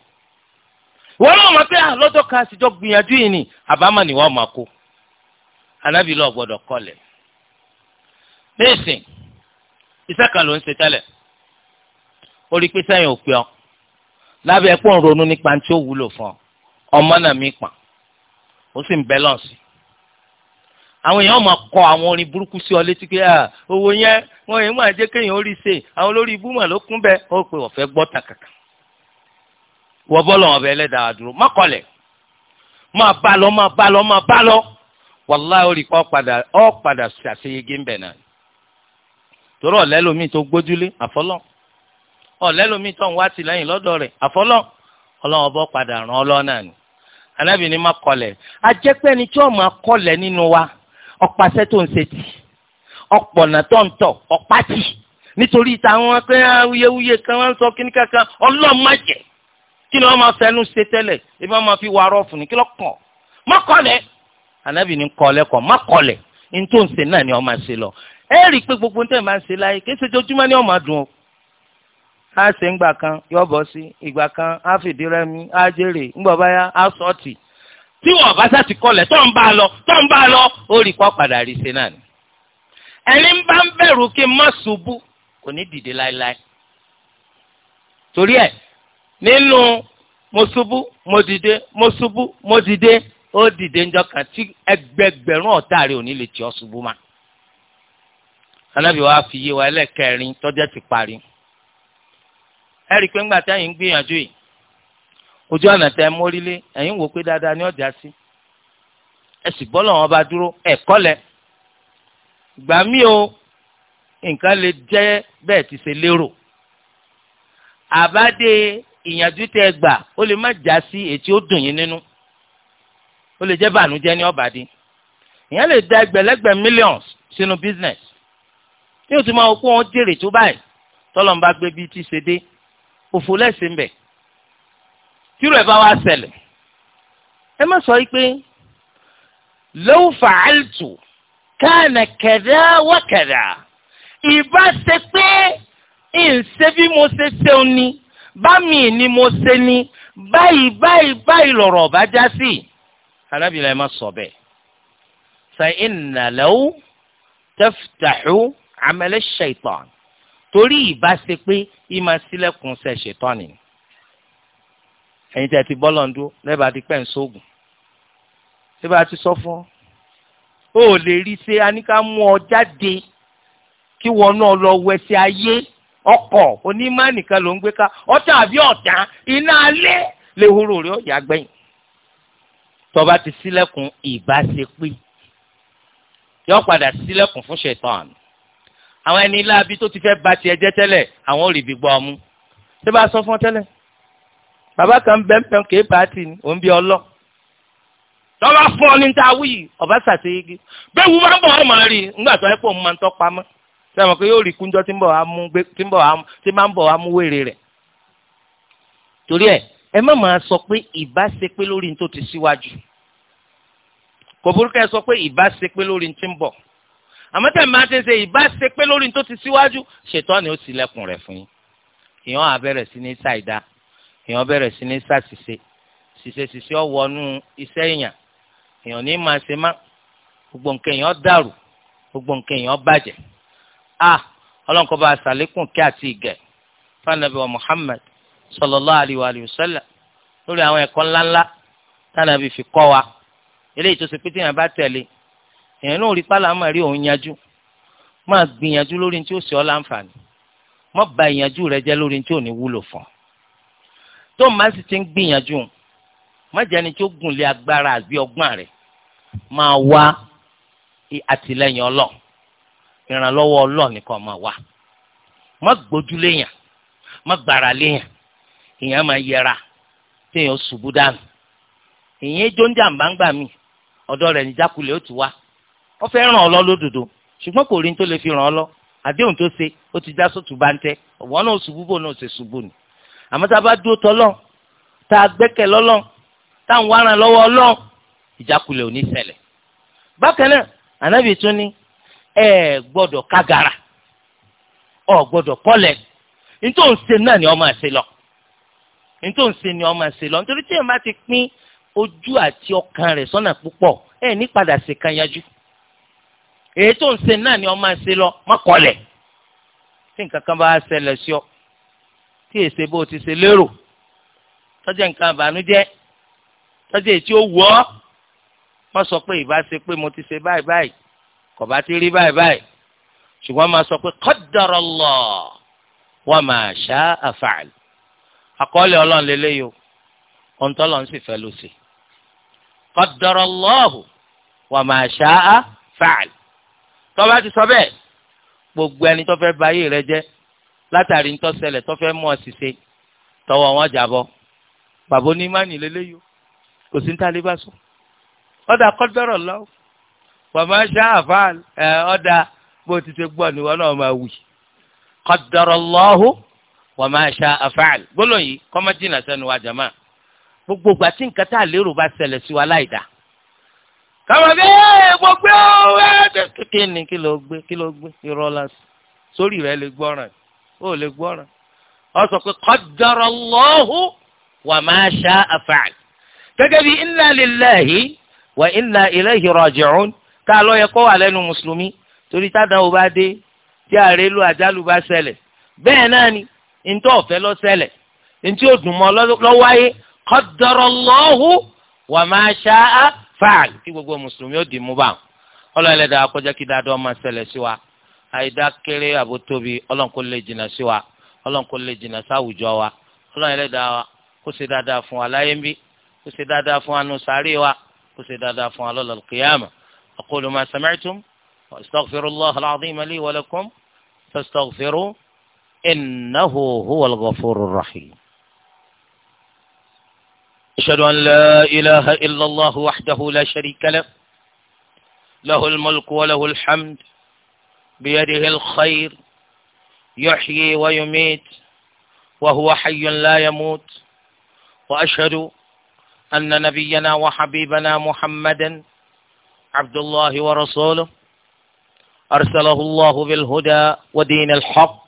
wọ́n náà mọ̀ pé ah, lọ́jọ́ kan àtijọ́ gbìyànjú yìí ni àbámọ̀ ni wọ́n máa kó ànábì lọ gbọ́dọ̀ kọlẹ̀ nísìn iṣẹ́ kan ló ń ṣe tẹ́lẹ̀ orí pé sẹ́yìn ò pé ọ lábẹ́ pọ̀ ń ronú nípa tí ó wúlò fún ọ ọmọ náà mi pọ̀n ó sì ń bẹ́lọ̀nsì àwọn èèyàn máa kọ àwọn orin burúkú sí ọ létí pé owó yẹn wọn yẹn máa jẹ́ kéèyàn ó rí ṣe àwọn olórí ibú mà ló kún bẹ́ẹ̀ ó pe ọ̀fẹ́ gbọ́ tàkàkà wọ bọ́ lọ́wọ́ bẹ́ẹ̀ lẹ́dàá dúró má kọlẹ̀ máa bá lọ máa bá lọ máa bá lọ wàláhì orí kọ́ padà ọ́ padà ṣàṣeyege ń bẹ̀ náà torí ọ̀lẹ́ lomi tó gbójúlé àfọlọ́n ọ̀lẹ́lómi tó ń wá sí lẹ́yìn lọ́dọ̀ rẹ̀ àfọlọ́ ọlọ́run ọbọ̀ padà ràn ọ́ lọ́nà ni anábì má kọlẹ̀ ajẹ́pẹ́ ni tí ọmọ akọlẹ̀ nínú wa ọ̀pàṣẹ tó ń ṣètì ọ̀pọ̀nà tó ń tọ̀ ọ̀pátì nítorí táwọn pé awuyewuye kan wọ́n ń sọ kíní kankan ọlọ́mọ̀jẹ̀ kí ni wọ́n máa fẹnu ṣe tẹ́lẹ̀ ebi wọ́n máa fi wà rọ́ọ̀fù ní kí lọ́ kàn má kọlẹ̀ anábì ní kọlẹ̀ kọ̀ má kọlẹ̀ ní tó ń ṣe náà ni wọ́n máa ṣe lọ ẹ rí i pé gbogbo ní tẹ̀ máa ń ṣe láyé kí ẹ ṣe ojoojúmọ́ ni wọ́n máa dùn ọ́ á ṣe ńgbà kan yọ bọ́ sí ìgbà kan á fìdí rẹmi á jèrè ńgbà báyà á sọ́ọ̀tì tí wọn bá sá ti kọlẹ̀ tó ń bá a lọ tó ń bá a lọ ó rí kọ́ padà rí ṣe náà ni. ẹni bá ń bẹ̀rù kí n má ṣubú kò ní dìde láéláé. torí ẹ nínú mo ṣubú mo dìde mo ṣubú mo dìde ó dìde ńjọ́ kan tí ẹgbẹgbẹ̀rún ọ̀tá rẹ̀ ò ní lè tì ọ́ ṣubú ma. anábì wa fi yé wa ẹlẹ́kẹrin tọ́jẹ́ ti parí ẹ rí i pé ńgbà tí ẹ̀yin ń gbìyànjú yìí ojú ọ̀nà tẹ mórílé ẹ̀yin wò pé dáadáa ni ọjà sí ẹ sì bọ́ lọ́wọ́ bá dúró ẹ̀ kọ́lẹ̀ gbà mí o nǹkan lè jẹ́ bẹ́ẹ̀ ti ṣe lérò àbádé ìyànjú tẹ gbà ó lè má já sí ètí ó dùn yín nínú ó lè jẹ́ bànújẹ́ ní ọ̀bàdí ìyẹn lè da ẹgbẹ̀lẹ́gbẹ̀ millions sínú business tí o ti máa kó wọn jèrè tó báyìí tọ́lọ́mùbá gbé bíi ti ṣe dé òfò lẹ́sìn bẹ̀ tírò ẹ̀ bá wá ṣẹlẹ̀ ẹ má sọ pé law fa'altu kana kada wa kada ìbá ṣe pé ìṣe bí mo ṣe ṣeun ni bá mi ni mo ṣe ni báyìí báyìí báyìí lọ̀rọ̀ bá já sí anábìlẹ̀ ẹ má sọ bẹ́ẹ̀ fa inna law taftahu amala torí ìbáṣe pé ìmọ̀ sílẹ̀kùn ṣe ṣètọ́ni ẹ̀yin tẹ́ ti bọ́ lọ́ndún lẹ́bàá ti pẹ́ ń sóògùn lẹ́bàá ti sọ fún ọ ò lè rí ṣe aníkà mú ọ jáde kí wọn náà lọ wẹsẹ̀ ayé ọkọ̀ onímọ̀ nìkan ló ń gbé ká ọ̀tá àbí ọ̀tá iná alẹ́ lè horo rẹ̀ ọ̀yà gbẹ̀yìn tọba ti sílẹ̀kùn ìbáṣe pé yọ padà sílẹ̀kùn fún ṣètọ́ni àwọn ẹni láabi tó ti fẹ́ ba tiẹ̀ jẹ́ tẹ́lẹ̀ àwọn ò rí ibi gbọ́ ọmú ṣé bá a sọ fún ọ tẹ́lẹ̀ bàbá kan bẹ́ẹ̀npẹ́ẹ́n kéé pàtì ni òun bí ọlọ́ lọ́wọ́ fún ọ ní ta wíyì ọ̀bá ṣàṣeyege bẹ́ẹ̀ wù máa ń bọ̀ ọmọ rí nígbà tó ẹ pò ń máa ń tọ́ pamọ́ ṣé àwọn kan yóò rí kúnjọ́ tí ń bọ̀ wá mú tí ń bọ̀ wá mú tí máa ń bọ̀ wá mú wèrè rẹ̀ torí ẹ ẹ má máa sọ pé ìbáṣepé lórí ní tó ti síwájú kò burúkú ẹ sọ pé ìbáṣepé lórí ní tí ń bọ̀ àmọ́ tẹ̀ máa ti ṣe ìbáṣepẹ́ lórí tó ti síwájú ṣètọ́ ni ó sì lẹ́kùn rẹ̀ fún yín èèyàn á bẹ̀rẹ̀ sí ní ṣàìdá èèyàn bẹ̀rẹ̀ sí ní ṣàṣìṣe ṣìṣe ṣìṣe ọ̀wọ́nú iṣẹ́ èèyàn èèyàn ní máa ṣe má gbogbo nǹkan èèyàn dàrú gbogbo nǹkan èèyàn bàjẹ́ a ọlọ́nkọ́ bá ṣàlékún kí àti ìgẹ̀ fanabi wa Muhammad sallallahu alayhi wa alihi wa sallam lórí àwọn ẹ̀kọ́ ńláńlá tánàbí fi kọ́ wa eléyìí tó ṣe pété yẹn bá tẹ̀lé èèyàn náà rí pálá máa rí òun yanjú máa gbìyànjú lórí tí ó ṣe ọ́ láǹfààní má bà ìyànjú rẹ jẹ́ lórí tí ò ní wúlò fún ọ tó má sì ti ń gbìyànjú má jẹni tí ó gùn lé agbára àbí ọgbọ́n rẹ máa wá àtìlẹyìn Ọlọ́run ìrànlọ́wọ́ Ọlọ́run nìkan máa wá má gbójúlé yàn má gbàrà lé yàn èèyàn máa yẹra téèyàn ṣubú dànù èèyàn ejó ń jàǹbá ń gbà mí ọ̀dọ̀ rẹ̀ níjàkulẹ̀ ó ti wá ọ fẹ́ ràn ọ lọ lódodo ṣùgbọ́n kò rí n tó lè fi ràn ọ lọ àdéhùn tó ṣe ó ti já sótù bá ń tẹ ọ̀wọ́n náà ṣubú bò náà ṣe ṣubú ni àmọ́ tá a bá dúró tọ́lọ́ tá a gbẹ́kẹ̀ ń wá lọ́wọ́ ìjákulẹ̀ ò ní bákan náà ànábì tún ní ọ gbọ́dọ̀ ṣe náà ni ọmọ lọ nítorí òun ṣe ni ọmọ lọ nítorí tí èèyàn bá ti pín ojú èyí tó ń ṣe náà ni ọmọ ṣe lọ mọ́kànlẹ̀ tí nǹkan kan bá ṣẹlẹ̀ sí ọ tí èsè bó ti ṣe lérò tọ́jú nǹkan àbànújẹ́ tọ́jú èyí tí ó wù ọ́ má sọ pé ìbá ṣe pé mo ti ṣe báyìí báyìí kò bá ti rí báyìí báyìí ṣùgbọ́n máa sọ pé qadarallah wa ma sha'a fa'al àkọọ́lẹ̀ ọlọ́run lélẹ́yìí o ohun tó lọ́n sì fẹ́ ló ṣe qadarallahu wa ma sha'a fa'al tọ́ba ti sọ bẹ́ẹ̀ gbogbo ẹni tó fẹ́ bayé rẹ jẹ́ látàrí ntọ́sẹlẹ̀ tó fẹ́ mú ọ ṣiṣẹ́ tọwọ́ wọn jàbọ́ bàbá onímọ̀ọ́nì lélẹ́yìí kò sí ní tálíbà sùn ọ̀dà kọ́dọ̀rọ̀ lọ bàbá ṣá àfàl ẹ̀ ọ̀dà bó ti ṣe gbọ́ ni wọn náà máa wì kọ́dọ̀rọ̀ lọ́hùn wọ́n máa ṣá àfàl gbólóyìn kọ́mọ́jìnà sẹ́nu wa jàmá gbogbo gbàtí nǹkan tá a lérò bá ṣẹlẹ̀ sí wa láì káwọn bí ẹ mo gbé ọ ẹ kékeré ni kí ló gbé kí ló gbé irọ́ lásán sórí rẹ lè gbọ́ràn ó lè gbọ́ràn ọ sọ pé qaddarallahu wa ma sha'a fa'al gẹ́gẹ́ bí inna lillahi wa inna ilayhi raji'un tá a lọ yẹ kó wà lẹ́nu mùsùlùmí torí tádàn ò bá dé tí àrélu àjálù bá ṣẹlẹ̀ bẹ́ẹ̀ náà ni ntọ́ ọ̀fẹ́ lọ ṣẹlẹ̀ ntí ó dùn mọ́ lọ́wọ́ ayé qaddarallahu wa ma sha'a fáàlì kí gbogbo mùsùlùmí ó dì mú bá ọlọ́run ẹlẹ́dàá kọjá kí dáadọ́ máa ṣẹlẹ̀ sí wa àìdá kéré àbó tóbi ọlọ́run kó lè jìnnà sí wa ọlọ́run kó lè jìnnà sáwùjọ wa ọlọ́run ẹlẹ́dàá kó ṣe dáadáa fún wa láyé ń bí kó ṣe dáadáa fún wa nù sáré wa kó ṣe dáadáa fún wa lọ́lọ́ kìyàmà aqulu ma sami'tum astaghfirullah أشهد أن لا إله إلا الله وحده لا شريك له له الملك وله الحمد بيده الخير يحيي ويميت وهو حي لا يموت وأشهد أن نبينا وحبيبنا محمدا عبد الله ورسوله أرسله الله بالهدى ودين الحق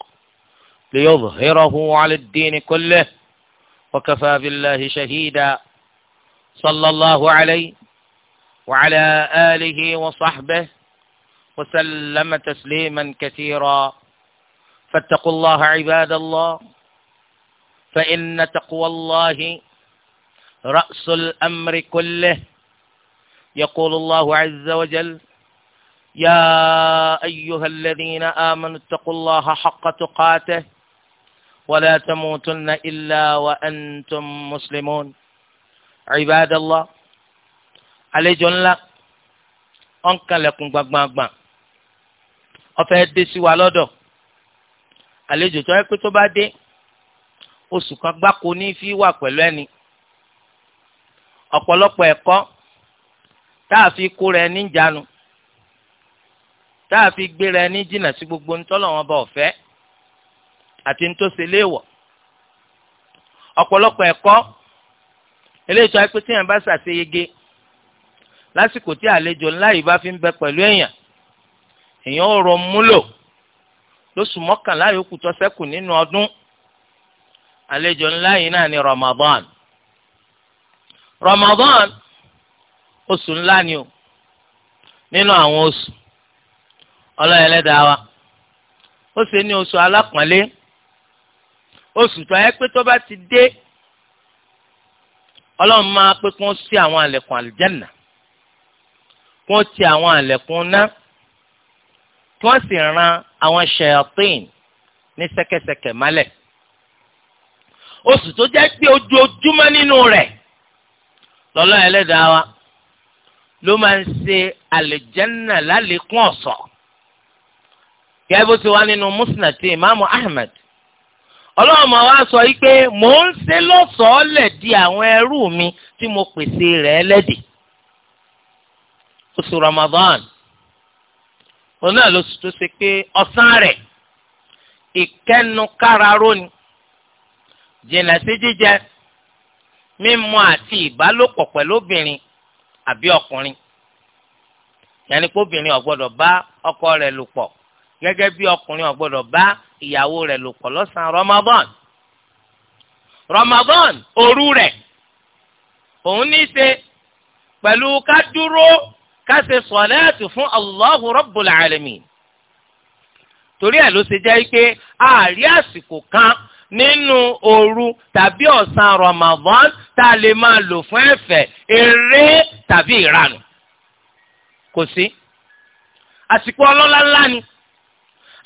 ليظهره على الدين كله وكفى بالله شهيدا صلى الله عليه وعلى آله وصحبه وسلم تسليما كثيرا فاتقوا الله عباد الله فإن تقوى الله رأس الأمر كله يقول الله عز وجل يا أيها الذين آمنوا اتقوا الله حق تقاته ولا تموتن إلا وأنتم مسلمون عباد الله àlejò ńlá ó ń kanlẹ̀kùn gbàngbàngbà ó fẹ́ dé sí wa lọ́dọ̀ àlejò tó yẹ pé tó bá dé oṣù kan gbáko ní fi wà pẹ̀lú ẹni ọ̀pọ̀lọpọ̀ ẹ̀kọ́ tá a fi kó rẹ níjànú tá a fi gbé rẹ ní jìnnà sí gbogbo ńtọ́lọ́wọ́n bá ọ̀fẹ́ àti ní tó ṣe léèwọ̀ ọ̀pọ̀lọpọ̀ ẹ̀kọ́ eléyìí tó ayé pé téèyàn bá ṣàṣeyege lásìkò tí àlejò ńlá yìí bá fi ń bẹ pẹ̀lú èèyàn èèyàn ò rọ múlò lóṣù mọ́kànlá yòókù tó ṣẹ́kù nínú ọdún àlejò ńlá yìí náà ni Ramadan Ramadan oṣù ńlá ni o nínú àwọn oṣù ọlọ́yẹlẹ́dàá wa ó ṣe ní oṣù alápọ̀nlé oṣù tó ayẹ pé tó bá ti dé ọlọ́run máa pé kí wọ́n ṣí àwọn àlẹ̀kùn àlùjánnà kí wọ́n ti àwọn àlẹ̀kùn ná kí wọ́n sì ran àwọn ṣẹ̀yàtín ní ṣẹ́kẹ́ṣẹkẹ̀ mọ́lẹ̀ oṣù tó jẹ́ pé ojoojúmọ́ nínú rẹ̀ lọ́lọ́ ẹlẹ́dàá wa ló máa ń ṣe àlùjánnà lálékún ọ̀sọ̀ kẹ́ẹ́ bó ti wá nínú musnad imaamu ahmed ọlọ́run wa wá sọ yìí pé mò ń ṣe lọ́sọ̀ọ́ lẹ̀ di àwọn ẹrú mi tí mo pèsè rẹ̀ lẹ́dìí oṣù Ramadan òun náà lóṣù tó ṣe pé ọ̀sán rẹ̀ ìkẹnukáraró ni jìnnà sí jíjẹ mímu àti ìbálòpọ̀ pẹ̀lú obìnrin àbí ọkùnrin yẹnni pé obìnrin ò bá ọkọ rẹ̀ lò pọ̀ gẹ́gẹ́ bí ọkùnrin ò gbọ́dọ̀ bá ìyàwó rẹ̀ lò pọ̀ lọ́sàn-án Ramadan Ramadan òru rẹ̀ òun ní í ṣe pẹ̀lú ká dúró ká ṣe sọ̀lẹ́ẹ̀tì fún Allahu Rabbul Alamin torí ẹ̀ ló ṣe jẹ́ pé àárí àsìkò kan nínú òru tàbí ọ̀sán Ramadan tá a lè máa lò fún ẹ̀fẹ̀ eré tàbí ìranù kò sí àsìkò ọlọ́lá ńlá ni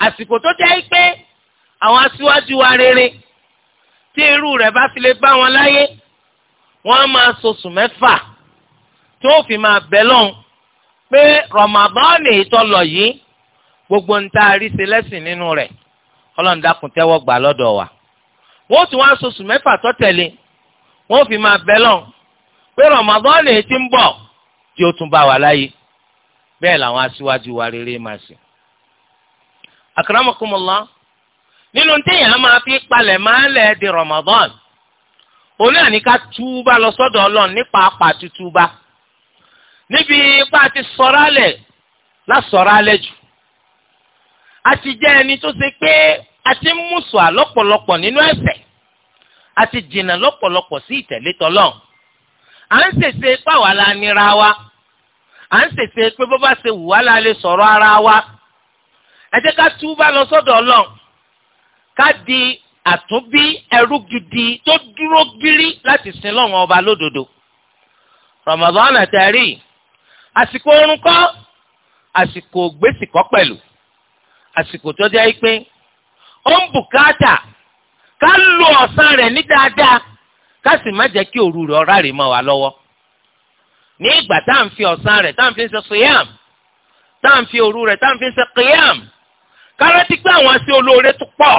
àsìkò tó jẹ́ pé àwọn aṣíwájú wa rere tí irú rẹ̀ bá fi lè bá wọn láyé wọ́n á máa sosùn mẹ́fà tí ó fi máa bẹ̀ lọ́hùn pé rọ̀màbọ́ọ̀nì ìtọ́lọ̀ yìí gbogbo ń tá a rí ṣe lẹ́sìn nínú rẹ̀ ọlọ́run dákun tẹ́wọ́ gbà lọ́dọ̀ wa wọ́n tún wá sosùn mẹ́fà tó tẹ̀lé wọ́n fi máa bẹ̀ lọ́hùn pé rọ̀màbọ́ọ̀nì ti ń bọ̀ tí ó tún bá wa láyé bẹ́ẹ̀ làwọn aṣíwájú wa rere máa sìn akramakumullah nínú téèyàn á máa fi palẹ̀ máa lẹ̀ di Ramadan òun náà ní ká túbà lọ sọ́dọ̀ Ọlọ́run nípa pàtó túbà níbi ipá ti sọ̀rọ̀ alẹ̀ lásọ̀rọ̀ alẹ̀ jù a ti jẹ́ ẹni tó ṣe pé a ti ń mùsùà lọ́pọ̀lọpọ̀ nínú ẹ̀ṣẹ̀ a jìnnà lọ́pọ̀lọpọ̀ sí ìtẹ̀lé tọ́lọ́run à ń ṣèṣe pàwọ́ la nira wa à ń ṣèṣe pé bó bá ṣe wù wá la lè sọ̀rọ̀ ara wa ẹ jẹ́ ká túbà lọ sọ́dọ̀ ọlọ́run ká di àtúnbí ẹrú gidi tó dúró gírí láti sin lọ́wọ́n ọba lódodo Ramadan àtẹ̀rí àsìkò oorun kọ́ àsìkò gbèsìkọ́ pẹ̀lú àsìkò tó jẹ́ pé ó ń bùkátà ká lo ọ̀sán rẹ̀ ní dáadáa ká sì má jẹ́ kí òru rẹ̀ ọ̀rá rè mọ́ wa lọ́wọ́ ní ìgbà tá à ń fi ọ̀sán rẹ̀ tá à ń fi ṣe siyam tá à ń fi òru rẹ̀ tá à ń fi ṣe qiyam kárẹ́tì pé àwọn sí olóore tó pọ̀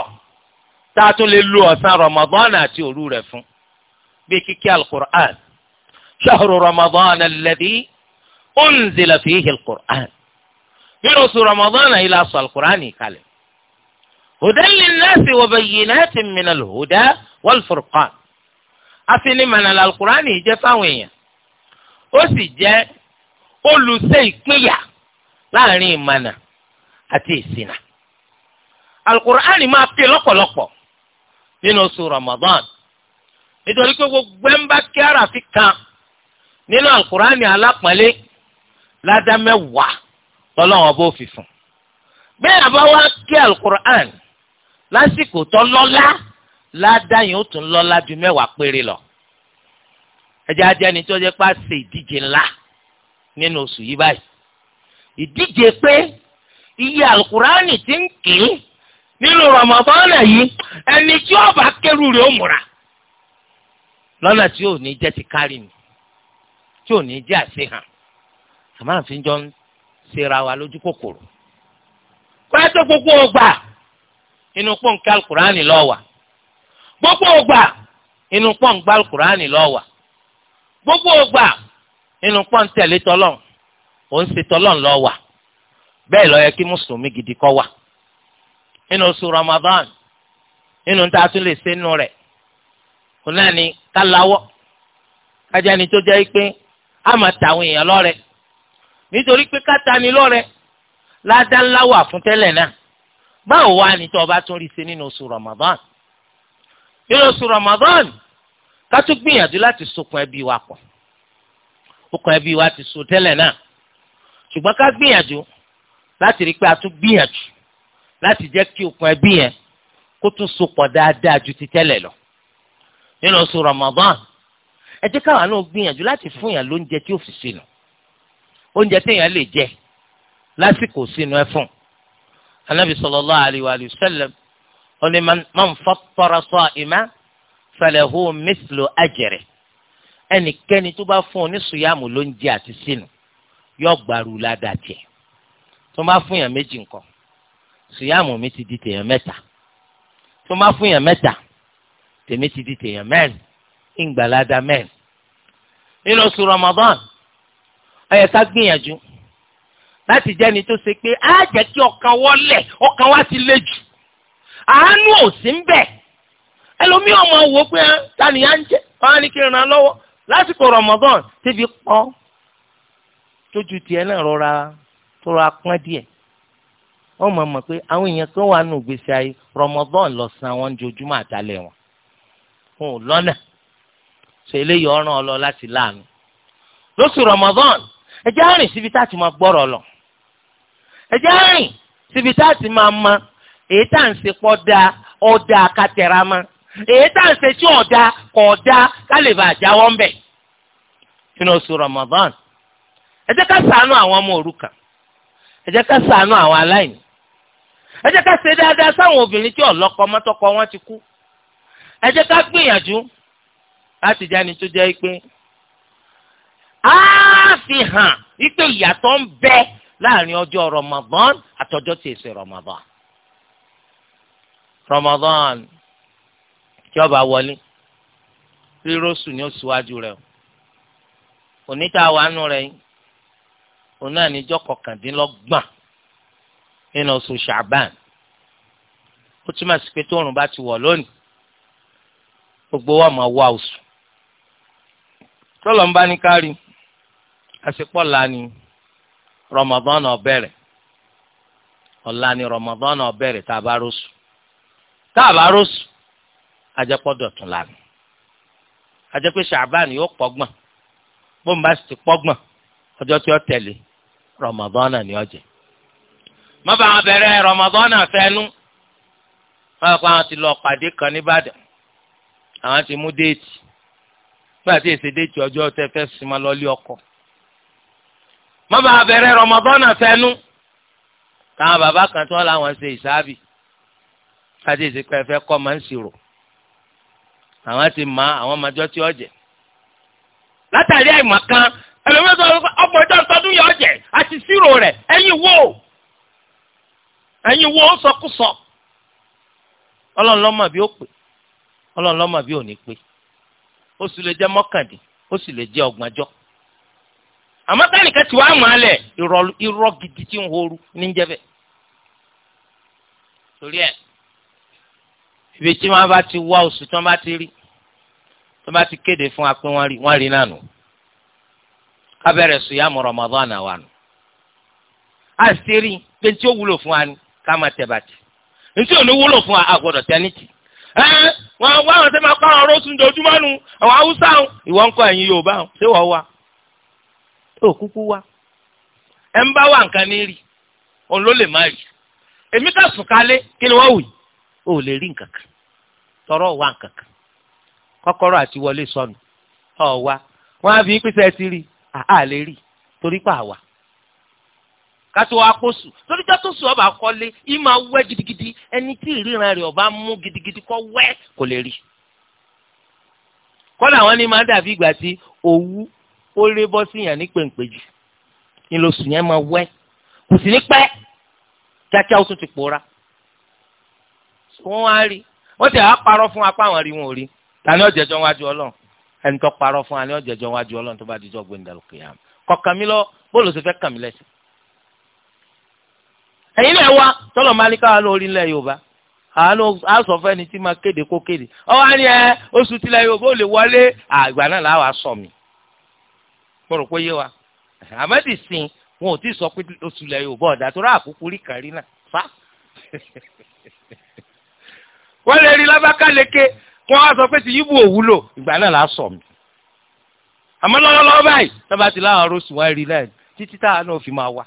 tá a tún lè lo ọ̀sán Ramadan àti òru rẹ̀ fún bí kíkí alukur'an shahru Ramadan alladhi unzila fihi alukur'an nínú oṣù Ramadan yìí la sọ alukur'an yìí kalẹ̀ hudan nasi wa bayyinatin minal huda wal furqan afinimọ̀nà alukur'an yìí jẹ́ fáwọn èèyàn ó sì jẹ́ olùṣe ìpínyà láàrin ìmọ̀nà àti ìṣìnà. alukur'ani máa pè lọ́pọ̀lọpọ̀ nínú oṣù ramadan nítorí pé gbogbo ẹnba kí arafi kan nínú alukur'ani alápọ̀nlé ládàmẹ́wàá lọ́lọ́wọ́ bó fi fún bẹ́ẹ̀ àbá wá kí alukur'ani lásìkò tó lọ́lá ládàáyìn ó tún lọ́lá ju mẹ́wàá péré lọ ẹjẹ ajẹni tó jẹ pa ṣe ìdíje ńlá nínú oṣù yìí báyìí ìdíje pé iye alukur'ani ti ń kì nínú rọmọbọ́ọ̀nà yìí ẹni tí ó bá ó múra lọ́nà tí ò ní jẹ́ ti kárí ni tí ò ní jẹ́ àṣehàn àmọ́ àfin jọ ń ṣera wa lójú kòkòrò pẹ́ẹ́tọ́ gbogbo ọgbà inú pọ́ǹkì alukùránì lọ́wà gbogbo ọgbà inú pọ́ǹkì alukùránì lọ́wà gbogbo ọgbà inú pọ́ǹkì tẹ̀lé tọ́lọ́n nínú oṣù Ramadan nínú tá a tún lè ṣe nínú rẹ̀ kò náà ni ká lawọ́ kájà ni tó jẹ́ pé a máa ta àwọn èèyàn lọ́rẹ nítorí pé ká ta ni lọ́rẹ ládá ńlá wà fún tẹ́lẹ̀ náà báwo wá ni tó o bá tún rí ṣe nínú oṣù Ramadan nínú oṣù Ramadan ká tún gbìyànjú láti sokùn ẹbí wa pọ̀ okùn ẹbí wa ti so tẹ́lẹ̀ náà ṣùgbọ́n ká gbìyànjú láti rí pé a tún gbìyànjú láti jẹ́ kí okùn ẹbí yẹn kó tún sopọ̀ dáadáa ju ti tẹ́lẹ̀ lọ nínú oṣù Ramadan ẹ jẹ́ káwa náà gbìyànjú láti fún yàn lóúnjẹ tí ó fi sínú oúnjẹ téèyàn lè jẹ lásìkò sínú ẹ fún anabi sallallahu alayhi wa sallam ó ní man fattara sa'iman falahu mithlu ajrihi ẹnikẹ́ni tó bá fún oníṣùyàmù lóúnjẹ àti sínú yóò gbàrú ládàá tiẹ̀ tó bá fún yàn méjì nǹkan síyàmù mi ti di tèèyàn mẹta tó má fún yàn mẹ́ta tèmi ti di tèèyàn mẹ́rin ìgbàládà mẹ́rin nínú oṣù Ramadan ó ká gbìyànjú láti jẹ́ni tó ṣe pé á jẹ́ kí ọkàn wọlé ọkàn wa ti le jù àánú ò sí ń bẹ̀ ẹlòmíì ọmọ wò pé ah, tànìyà ń jẹ wọn ni kí n ràn lọwọ lásìkò Ramadan tẹ́bi pọ́n tójú tiẹ náà rọra tó ra pọn díẹ̀ wọ́n máa mọ̀ pé àwọn èèyàn kan wà nù gbèsè ayé rọmọdọn lọ san àwọn ojoojúmọ́ àtàlẹ́ wọn fún un lọ́nà ṣe eléyìí ọ̀ràn ọ lọ láti láàánú lóṣù Ramadan ẹ jẹ́ àrìn síbi tá a ti máa gbọ́rọ̀ lọ ẹ jẹ́ àrìn síbi tá a ti máa mọ èyí tá à ń ṣe pọ́ da ọ̀dà kàtẹ́ra èyí tá à ń ṣe tí ọ̀dà kọ̀ọ̀dà ká lè bàa jáwọ́ nínú oṣù Ramadan ẹ ká ṣàánú àwọn ọmọ òrukàn ẹ ká àwọn aláìní ẹ jẹ́ ká ṣe dáadáa sáwọn obìnrin tí ọ̀lọ́kọ mọ́tọ́kọ wọn ti kú ẹ jẹ́ ká gbìyànjú láti jáni tó jẹ́ pé á fi hàn wípé ìyàtọ̀ ń bẹ láàrin ọjọ́ Ramadan àtọjọ́ tí èsè Ramadan Ramadan tí ó bá wọlé rírọ́sù ni ó síwájú rẹ̀ o oníta wàánu rẹ̀ yìí òun náà níjọ́ kọkàndínlọ́gbọ̀n nínú oṣù ṣàbán ó túmọ̀ sí pé tóòrùn bá ti wọ̀ lónìí gbogbo wa máa wá oṣù tọ́lọ̀ ń bá ní kárí àsìkò ọ̀la ni Ramadan náà bẹ̀rẹ̀ ọ̀la ni Ramadan náà bẹ̀rẹ̀ tá a bá rọ́ṣù tá a bá rọ́ṣù ajẹ́pọ̀dọ̀ tún la ni ajẹ́pẹ́ ṣàbán yóò pọ́gbọ̀n bóun bá sì ti pọ́gbọ̀n ọjọ́ tí ó tẹ̀lé náà ni má bá wọn bẹ̀rẹ̀ rọmọdọ́nà fẹ́nu wọn kọ́ àwọn ti lọ pàdé kan nìbàdàn àwọn ti mú déètì nígbà tí èsè déètì ọjọ́ tẹ fẹ́ sima lọ́lé ọkọ má bá wọn bẹ̀rẹ̀ rọmọdọ́nà fẹ́nu táwọn bàbá kan tí wọ́n láwọn ṣe ìsáàbì nígbà tí èsè pẹ́ fẹ́ kọ́ máa ń ṣirò àwọn ti mọ àwọn ọmọdé tí ó látàrí àìmọ̀ kan ẹlòmíràn sọ ọgbọ̀n ọjọ́ ìtọ́dún yọ ọjẹ àti ṣírò rẹ̀ ẹ̀yin wo. ẹ̀yin wo sọkúsọ ọlọ́run ló mọ̀ bí ó pè ọlọ́run ló mọ̀ bí ò ní pè ó sì lè jẹ́ mọ́kàndín ó sì lè jẹ́ ọgbọ̀njọ́ àmọ́ tẹ́nìkan ti iro gidi tí ń horu ní jẹ́bẹ̀ torí ẹ̀ ibi tí bá ti wá oṣù tí bá ti rí tí wọ́n bá ti kéde fún wa pé wọ́n rí wọ́n rí náà nù kábẹ́rẹ́ sùn yá mọ̀ Ramadan náà pé tí ó wúlò fún wa ká máa tẹ̀ bàtì ntí ò ní wúlò fún àgbọ̀dọ̀ tẹ́nìtì ẹ wọn wá àwọn tẹ́ máa kọ́ àwọn rósùn dojúmọ́ nu àwọn haúsá àwọn ìwọ ń kọ́ ẹ̀yin yorùbá ṣé wá ó kúkú wá ẹ ń bá wà nǹkan ní rí òun ló lè má rí èmi ká sùn kálé kí ni wù tọrọ wà nǹkan kan àti wọlé sọnù wá wọn á fi rí àá pa kátó wa kó sùn torí jẹ́ tó sùn ọba kọ́lé yìí máa wẹ́ gidigidi ẹni tí ìríran rẹ̀ ọba mú gidigidi kọ́ wẹ́ kò lè rí. kọ́lá wọn ni máa dàbí ìgbà tí òwú ó lé bọ́ sí yàn ní pèǹpéjì ni ló sùn yẹn máa wẹ́ kò sí ní pẹ́ kíákíá ó tún ti pòórá. wọ́n wá rí wọ́n ti àá parọ́ fún apá àwọn rí wọn tani ọ̀jẹ̀jọ́ wájú ọlọ́run ẹni tó parọ́ fún wa ọ̀jẹ̀jọ́ wájú ọlọ́run tó bá dijọ́ gbẹ̀ndàlùkìyàm kọ̀ọ̀kan mi lọ bóòlù sì fẹ́ kàn lẹ́sìn ẹ̀yin náà wá tọ́lọ̀ máa ní káwa lórí ilẹ̀ yorùbá àánú àsọ fẹ́ni tí máa kéde kó kéde ọwọ́ á ní ẹ oṣù tilẹ̀ yorùbá ò lè wọlé àgbà náà làwọn aṣọ mi mo rò pé yé wa àmọ́dì sìn wọn ò tí ì sọ pé oṣù tilẹ̀ yorùbá ọ̀dà tó rà àkókò rí kàrí náà fa wọ́n lè rí lábákàleke kí wọ́n á sọ pé ti yíbu òwúlò ìgbà náà làá sọ mi àmọ́ lọ́wọ́lọ́wọ́ báyìí tọ́ba ti láwọn arósùn wá rí lẹ́yìn títí táwọn náà fi máa wá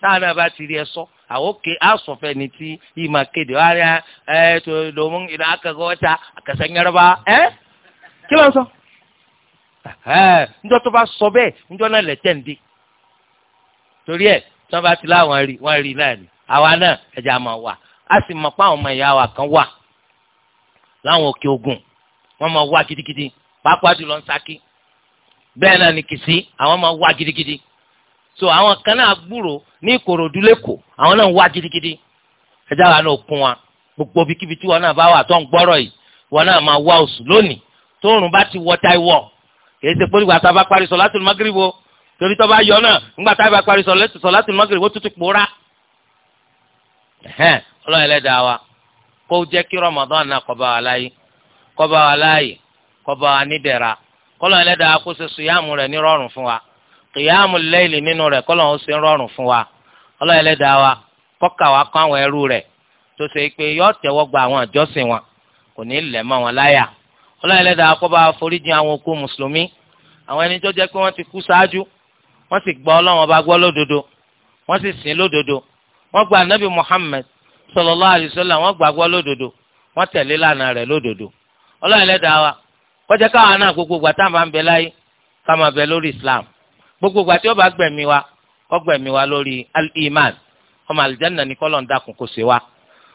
táwọn náà bá ti rí ẹ sọ́ àwòké àsọfẹ ni tí yìí máa kéde wá rí ẹ ina domin idan aka ga wata aka san yarba ẹ kí ló ń sọ njọ tó bá sọ bẹ́ẹ̀ njọ náà lẹtẹ ń dé torí ẹ tí ni àwa náà ẹjẹ àmọ́ wà a sì mọ̀ pé àwọn ọmọ ìyá wa kan wà láwọn òkè ogun wọn máa wá gidigidi pàápàá jùlọ ń Ṣakí bẹ́ẹ̀ náà ni Kìsí àwọn máa wá gidigidi so àwọn kan náà gbúrò ní ìkòròdú lẹ́kọ̀ọ́ àwọn náà ń wá gidigidi ẹjá wa náà kún wa gbogbo ibikíbi tí wọn náà bá wà tó ń gbọ́rọ̀ yìí wọn náà máa wá oṣù lónìí tóòrùn bá ti wọ táìwọ̀ kì í ṣe pé ìgbà tá a bá parí sọ̀látùl mágíríbì torí tó bá yọ náà ńgbà tá a bá parí sọ̀látùl mágíríbì ó tútù pòórá. ọlọ́run ẹlẹ́dàá wa kó jẹ́ kí Ramadan náà kó bá wa láyé kó bá wa láyé kó bá wa nídẹ̀ra kọ́lọ́run ẹlẹ́dàá kó ṣe sùyàmù rẹ̀ nírọ̀rùn fún wa. qiyamul layli nínú rẹ̀ kọ́ lọ́n ó ṣe rọrùn fún wa ọlọ́run ẹlẹ́dàá wa kọ́kà wa kọ́ àwọn ẹrú rẹ̀ to ṣe pé yọ́ tẹ́wọ́ gba àwọn àjọsìn wọn kò ní lẹ̀ mọ́ wọn láyà ọlọ́run ẹlẹ́dàá kó bá foríjì àwọn mùsùlùmí àwọn tó pé ti kú sì lódodo sì gbàtà máa ń Islam gbogbo ìgbà tí ó bá gbẹ̀mí wa kó gbẹ̀mí wa lórí al-iman ọmọ aljanna ní kọ́lọ̀ ń dákun kó ṣe wa.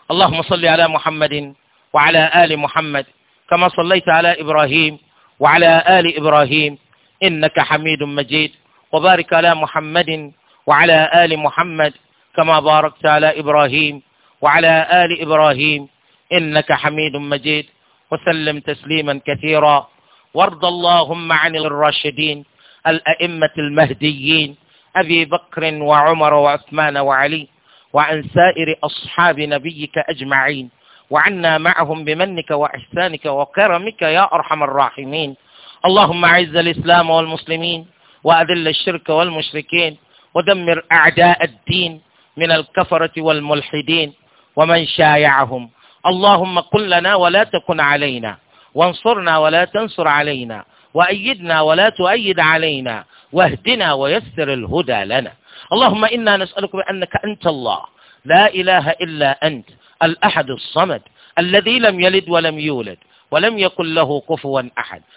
allahumma salli ala muhammadin wa ala ali muhammad kama sallaita ala ibrahim wa ala ali ibrahim innaka hamidun majid wa barik ala muhammadin wa ala ali muhammad kama barakta ala ibrahim wa ala ali ibrahim innaka hamidun majid وسلم تسليما كثيرا وارض اللهم عن الراشدين الأئمة المهديين أبي بكر وعمر وعثمان وعلي وعن سائر أصحاب نبيك أجمعين وعنا معهم بمنك وإحسانك وكرمك يا أرحم الراحمين اللهم أعز الإسلام والمسلمين وأذل الشرك والمشركين ودمر أعداء الدين من الكفرة والملحدين ومن شايعهم اللهم قل لنا ولا تكن علينا وانصرنا ولا تنصر علينا وأيدنا ولا تؤيد علينا واهدنا ويسر الهدى لنا اللهم إنا نسألك بأنك أنت الله لا إله إلا أنت الأحد الصمد الذي لم يلد ولم يولد ولم يكن له كفوا أحد